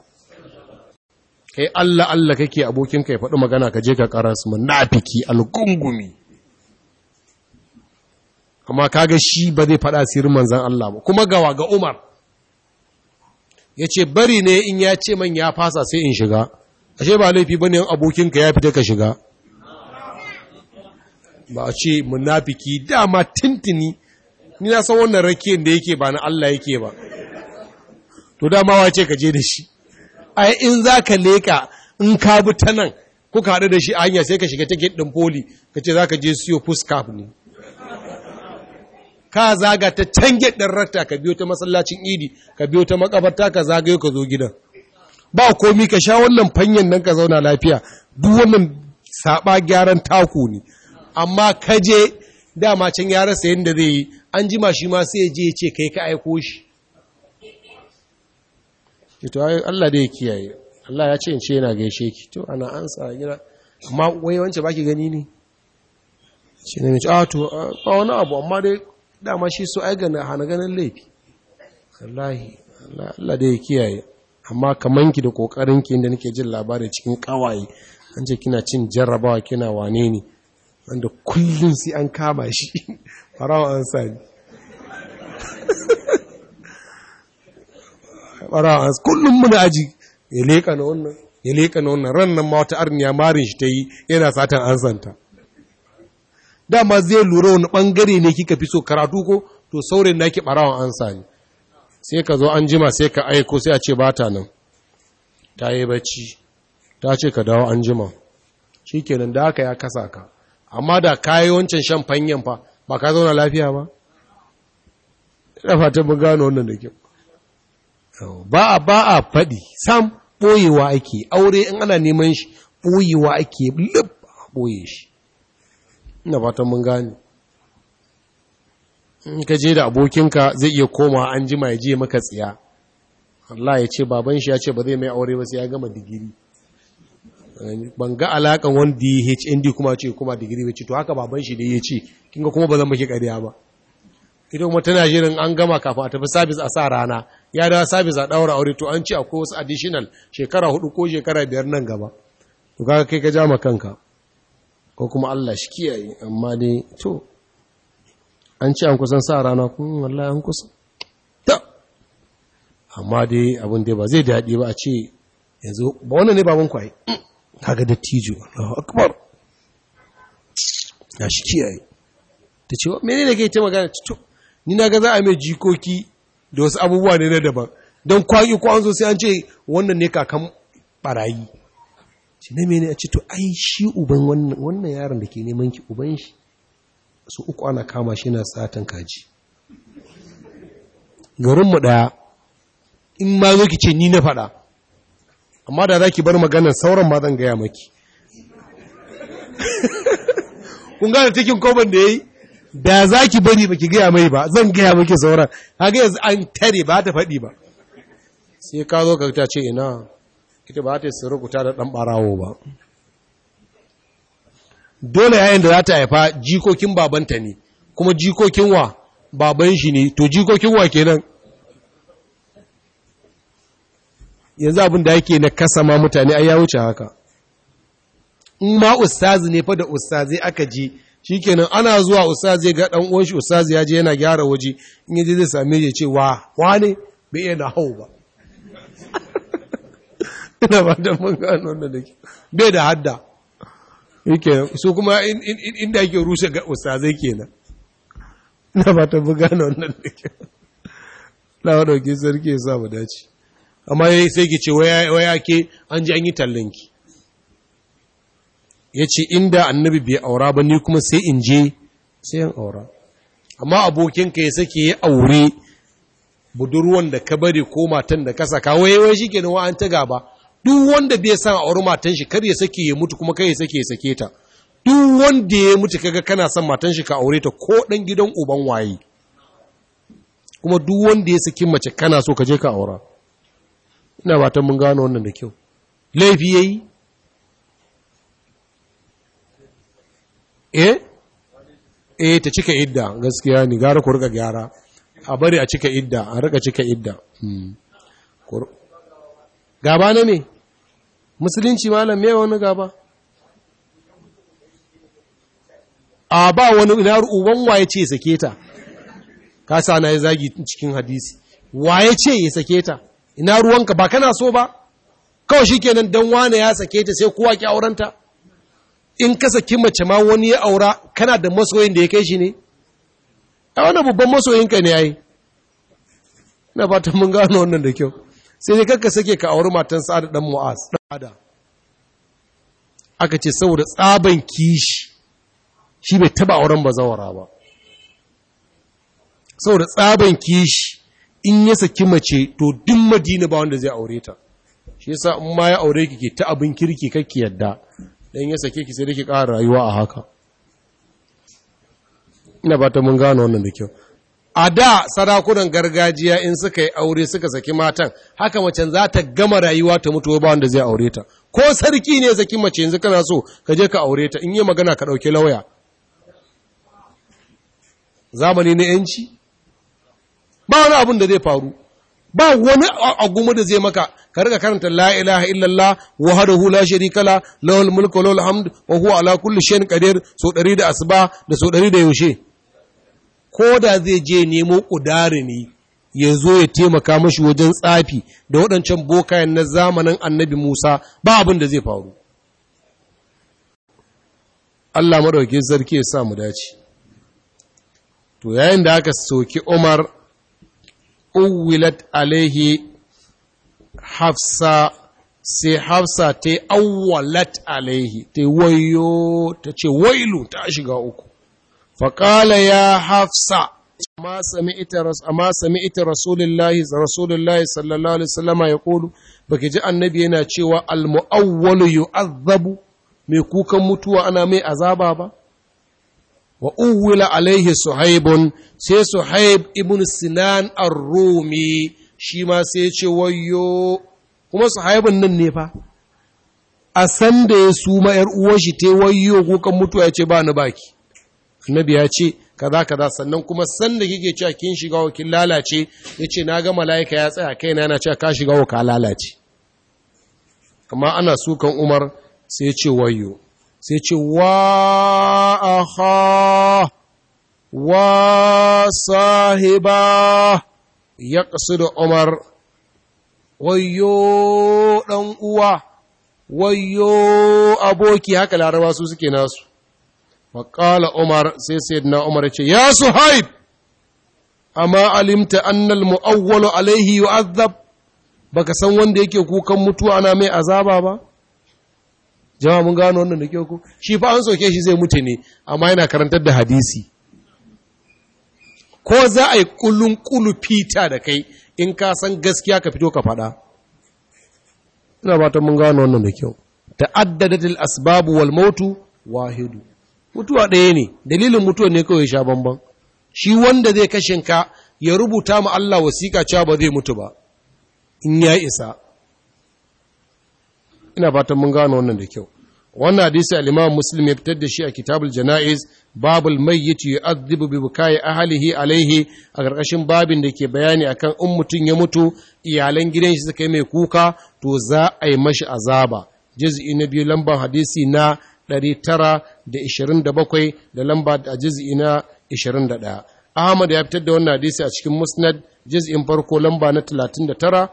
kai Allah Allah kake abokin kai faɗi magana ka je ka ƙara su na fiki algungumi amma kaga shi ba zai faɗa sirrin manzan Allah ba kuma gawa ga Umar yace bari ne in ya ce man ya fasa sai in shiga ashe ba laifi bane abokinka ya fita ka shiga ba a ce munafiki dama tintini ni na san wannan rake da yake ba na Allah yake ba to dama wace ka je da shi ai in zaka leka in ka bi ta nan kuka haɗu da shi a hanya sai ka shiga ta gate Ka ce kace zaka je siyo fuska ne ka zaga ta canje ɗin ratta ka biyo ta masallacin idi ka biyo ta makabarta ka zagayo ka zo gidan ba komi ka sha wannan fanyen nan ka zauna lafiya duk wannan saba gyaran taku ne amma ka je dama can ya rasa yadda zai yi an ma shi ma sai je ce kai ka aiko shi to Allah da ya kiyaye Allah ya ce in ce yana gaishe ki to ana ansa gida amma wai wance baki gani ne shi ne ce a ah, to ah, a wani abu amma dai dama shi so aigana hana ganin laifi wallahi Allah da ya kiyaye amma kaman ki da kokarin ki inda nake jin labari cikin kawaye an ce kina cin jarrabawa kina wane ne wanda kullum sai an kama shi farawa *laughs* an sani farawa *laughs* an kullum muna aji ya leka na wannan ya leka na wannan ran nan ma wata arniya marin shi ta yi yana satan an santa dama zai lura wani bangare ne kika fi so karatu ko to saurin naki barawan an sani sai ka zo an jima sai ka aiko sai a ce ba ta nan ta yi bacci ta ce ka dawo an jima kenan da aka ya kasa ka amma da kayi wancan shan fanyen fa ba ka zauna lafiya ba ina fatan mun gano wannan da kyau ba a ba a faɗi sam ɓoyewa ake aure in ana neman shi ɓoyewa ake lub ɓoye shi ina fatan mun gane in ka je da abokinka zai iya koma an jima ya je maka tsiya Allah ya ce baban shi ya ce ba zai mai aure ba sai ya gama digiri ban ga alakan wani DHND kuma ce kuma digiri ba ce to haka baban shi da ya ce kin ga kuma ba zan maki kariya ba idan kuma tana jirin an gama kafin a tafi sabis a sa rana ya da sabis a ɗaura aure to an ce akwai wasu additional shekara hudu ko shekara biyar nan gaba to kaga kai ka ja ma kanka ko kuma Allah shi kiyaye amma dai to an ce an kusan sa rana kun hmm, wallahi an kusa ta amma dai abin dai ba zai daɗi ba a ce yanzu ba wannan ne baban kwaye hmm, kaga dattijo Allahu akbar ya shi kiyaye ta ce menene kake ta magana to ni na ga za a mai jikoki da wasu abubuwa ne na daban don kwaki ko an zo sai an ce wannan ne kakan barayi ce na mene a ce to ai shi uban wannan yaron da ke neman ki uban shi su uku ana kama shi na satan kaji Garin mu daya in ma zo ki ce ni na faɗa amma da za ki bar maganar sauran ma zan gaya maki *laughs* kun gane cikin koban da ya yi da za ki bari ba ki gaya mai ba zan gaya maki sauran haka yanzu an tare ba ta faɗi ba sai ka zo ka ta ce ina ita ba ta surukuta da ɗan ɓarawo ba dole yayin da za ta haifa jikokin babanta ne kuma jikokin wa baban shi ne to jikokin wa kenan yanzu abin da yake na kasa ma mutane ai ya wuce haka in ma ustazi ne fa da ustazi aka je shikenan ana zuwa ustazi ga dan uwan ustazi ya je yana gyara waje in yaje zai same ya ce wa wane bai iya nahau ba ina ba da mun gano wannan da ke bai da hadda yake su kuma inda yake rushe ga ustazai kenan ina ba ta mun gano wannan da ke lawa dauki sarki ya sa mu dace amma sai ki ce waya ke an ji an yi tallanki ya ce inda annabi bai aura ba ni kuma sai in je sai yan aura amma abokinka ya sake ya aure budurwan da ka bari ko matan da ka saka wai wai shikenan wa an ta gaba duk wanda bai san auri matan shi kar ya sake ya mutu kuma kai ya sake ya sake ta duk wanda ya mutu kaga kana son matan shi ka aure ta ko dan gidan uban waye kuma duk wanda ya saki mace kana so ka je ka aura ina fatan mun gano wannan da kyau laifi yayi eh eh ta cika idda gaskiya ni gara ku rika gyara a bari a cika idda a rika cika idda hmm. gaba na ne. musulunci malam me wani gaba a ba wani ina uban waye ce ya sake ta kasa na ya zagi cikin hadisi waye ce ya sake ta ina ruwanka ba kana so ba kawai shikenan dan wane ya sake ta sai kowa ki aurenta in ka saki mace ma wani ya aura kana da masoyin da ya kai shi ne a wani babban masoyinka ne yayi na fatan mun gano wannan da kyau sai dai kakka sake ka auri matan sa'ad dan mu'az dan aka ce saboda tsaban kishi shi bai taba auren bazawara ba saboda tsaban kishi in ya saki mace to duk madina ba wanda zai aure ta shi yasa in ma ya aure ki ke ta abin kirki kake yadda dan ya sake ki sai ki ƙara rayuwa a haka ina ba ta mun gano wannan da kyau a da sarakunan gargajiya in suka yi aure suka saki matan haka mace za ta gama rayuwa ta mutu ba wanda zai aure ta ko sarki ne saki mace yanzu kana so ka je ka aure ta in yi magana ka ɗauki lauya zamani na yanci ba wani abin da zai faru ba wani agumu da zai maka ka riga karanta la ilaha illallah wahdahu la sharika la lahul mulku wa lahul hamd wa huwa ala kulli shay'in qadir so 100 da asba da so 100 da yaushe ko da zai je nemo ƙudari ne ya zo ya taimaka mashi wajen tsafi da waɗancan bokayen na zamanin annabi Musa ba abin da zai faru. Allah maɗauki sarki ya sa mu dace. To yayin da aka soki Umar, Uwilat Alehi, Hafsa sai Hafsa ta yi awwalat Alehi ta yi wayo ta ce wailu ta shiga uku. faƙala ya hafsa amma sami'ita rasulullahi rasulullahi sallallahu alaihi wasallama ya kulu baki ji annabi yana cewa almu'awwalu yu'azzabu mai kukan mutuwa ana mai azaba ba wa uwila alaihi suhaibun sai suhaib ibn sinan ar-rumi shi ma sai ce wayo kuma suhaibun nan ne fa a san ya suma yar uwan shi te kukan mutuwa ya ce ba ni baki annabi ya ce kaza kaza sannan kuma sanda kike cewa kin shiga wa kin lalace yace na ga malaika ya tsaya kaina yana cewa ka shiga wa ka lalace amma ana sukan Umar sai ce wayo sai ce wa aha wa sahiba ya da Umar wayo dan uwa wayo aboki haka laraba su suke nasu Waƙala umar sai sayyidina umar ce ya suhaib amma alimta annal mu'awwalu alaihi yu'azzab baka san wanda yake kukan mutuwa ana mai azaba ba jama'a mun gano wannan da kyau shi fa an soke shi zai mutu ne amma yana karantar da hadisi ko za a yi kullun kulufita da kai in ka san gaskiya ka fito ka faɗa ina ba ta mun gano wannan da kyau ta'addadatil asbabu wal mautu wahidu mutuwa ɗaya ne dalilin mutuwa ne kawai sha bamban shi wanda zai kashin ka ya rubuta ma Allah wasiƙa cewa ba zai mutu ba in ya isa ina fatan mun gano wannan da kyau wannan hadisi al-Imam Muslim ya fitar da shi a Kitabul Janaiz babul mayyit yu'adhibu bi bukai ahlihi alayhi a ƙarƙashin babin da ke bayani akan in mutum ya mutu iyalan gidan shi suka yi mai kuka to za a yi mashi azaba juz'i na biyu lamban hadisi na 927 da lamba a jiz'i na 21 Ahmad ya fitar da wannan hadisi a cikin Musnad juz'in farko lamba na 39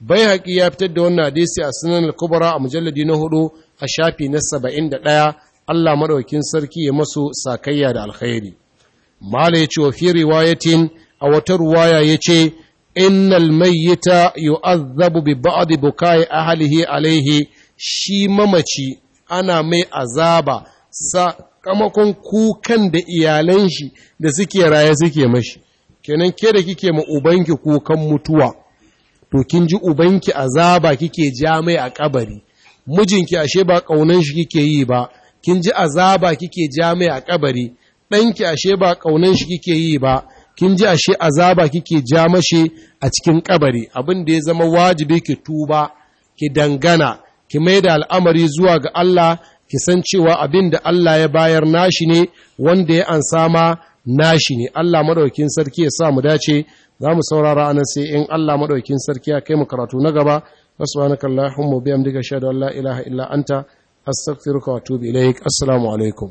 Baihaqi ya fitar da wannan hadisi a Sunan al-Kubra a mujalladi na hudu a shafi na 71 Allah maɗaukin sarki ya masu sakayya da alkhairi Mala ya ce wa fi riwayatin a wata ruwaya ya ce, Innal mayyita yu'azzabu bi ba'di bukai ahlihi alaihi shi mamaci ana mai azaba sakamakon kukan da iyalan shi da suke raye suke mashi kenan ke da kike ma ubanki kukan mutuwa to kin ji ubanki azaba kike ja mai a kabari mijinki ashe ba kaunan shi kike yi ba kin ji azaba kike ja mai a kabari ɗanki ashe ba kaunan shi kike yi ba kin ji ashe azaba kike ja mashi a cikin kabari abin da ya zama wajibi ki tuba ki dangana ki mai da al'amari zuwa ga Allah ki san cewa abin da Allah ya bayar nashi ne wanda ya ansa ma nashi ne Allah maɗaukin sarki ya sa mu dace za mu saurara anan sai in Allah maɗaukin sarki ya kai mu karatu na gaba subhanaka allahumma bihamdika ashhadu an la ilaha illa anta astaghfiruka wa tubi ilaik assalamu alaikum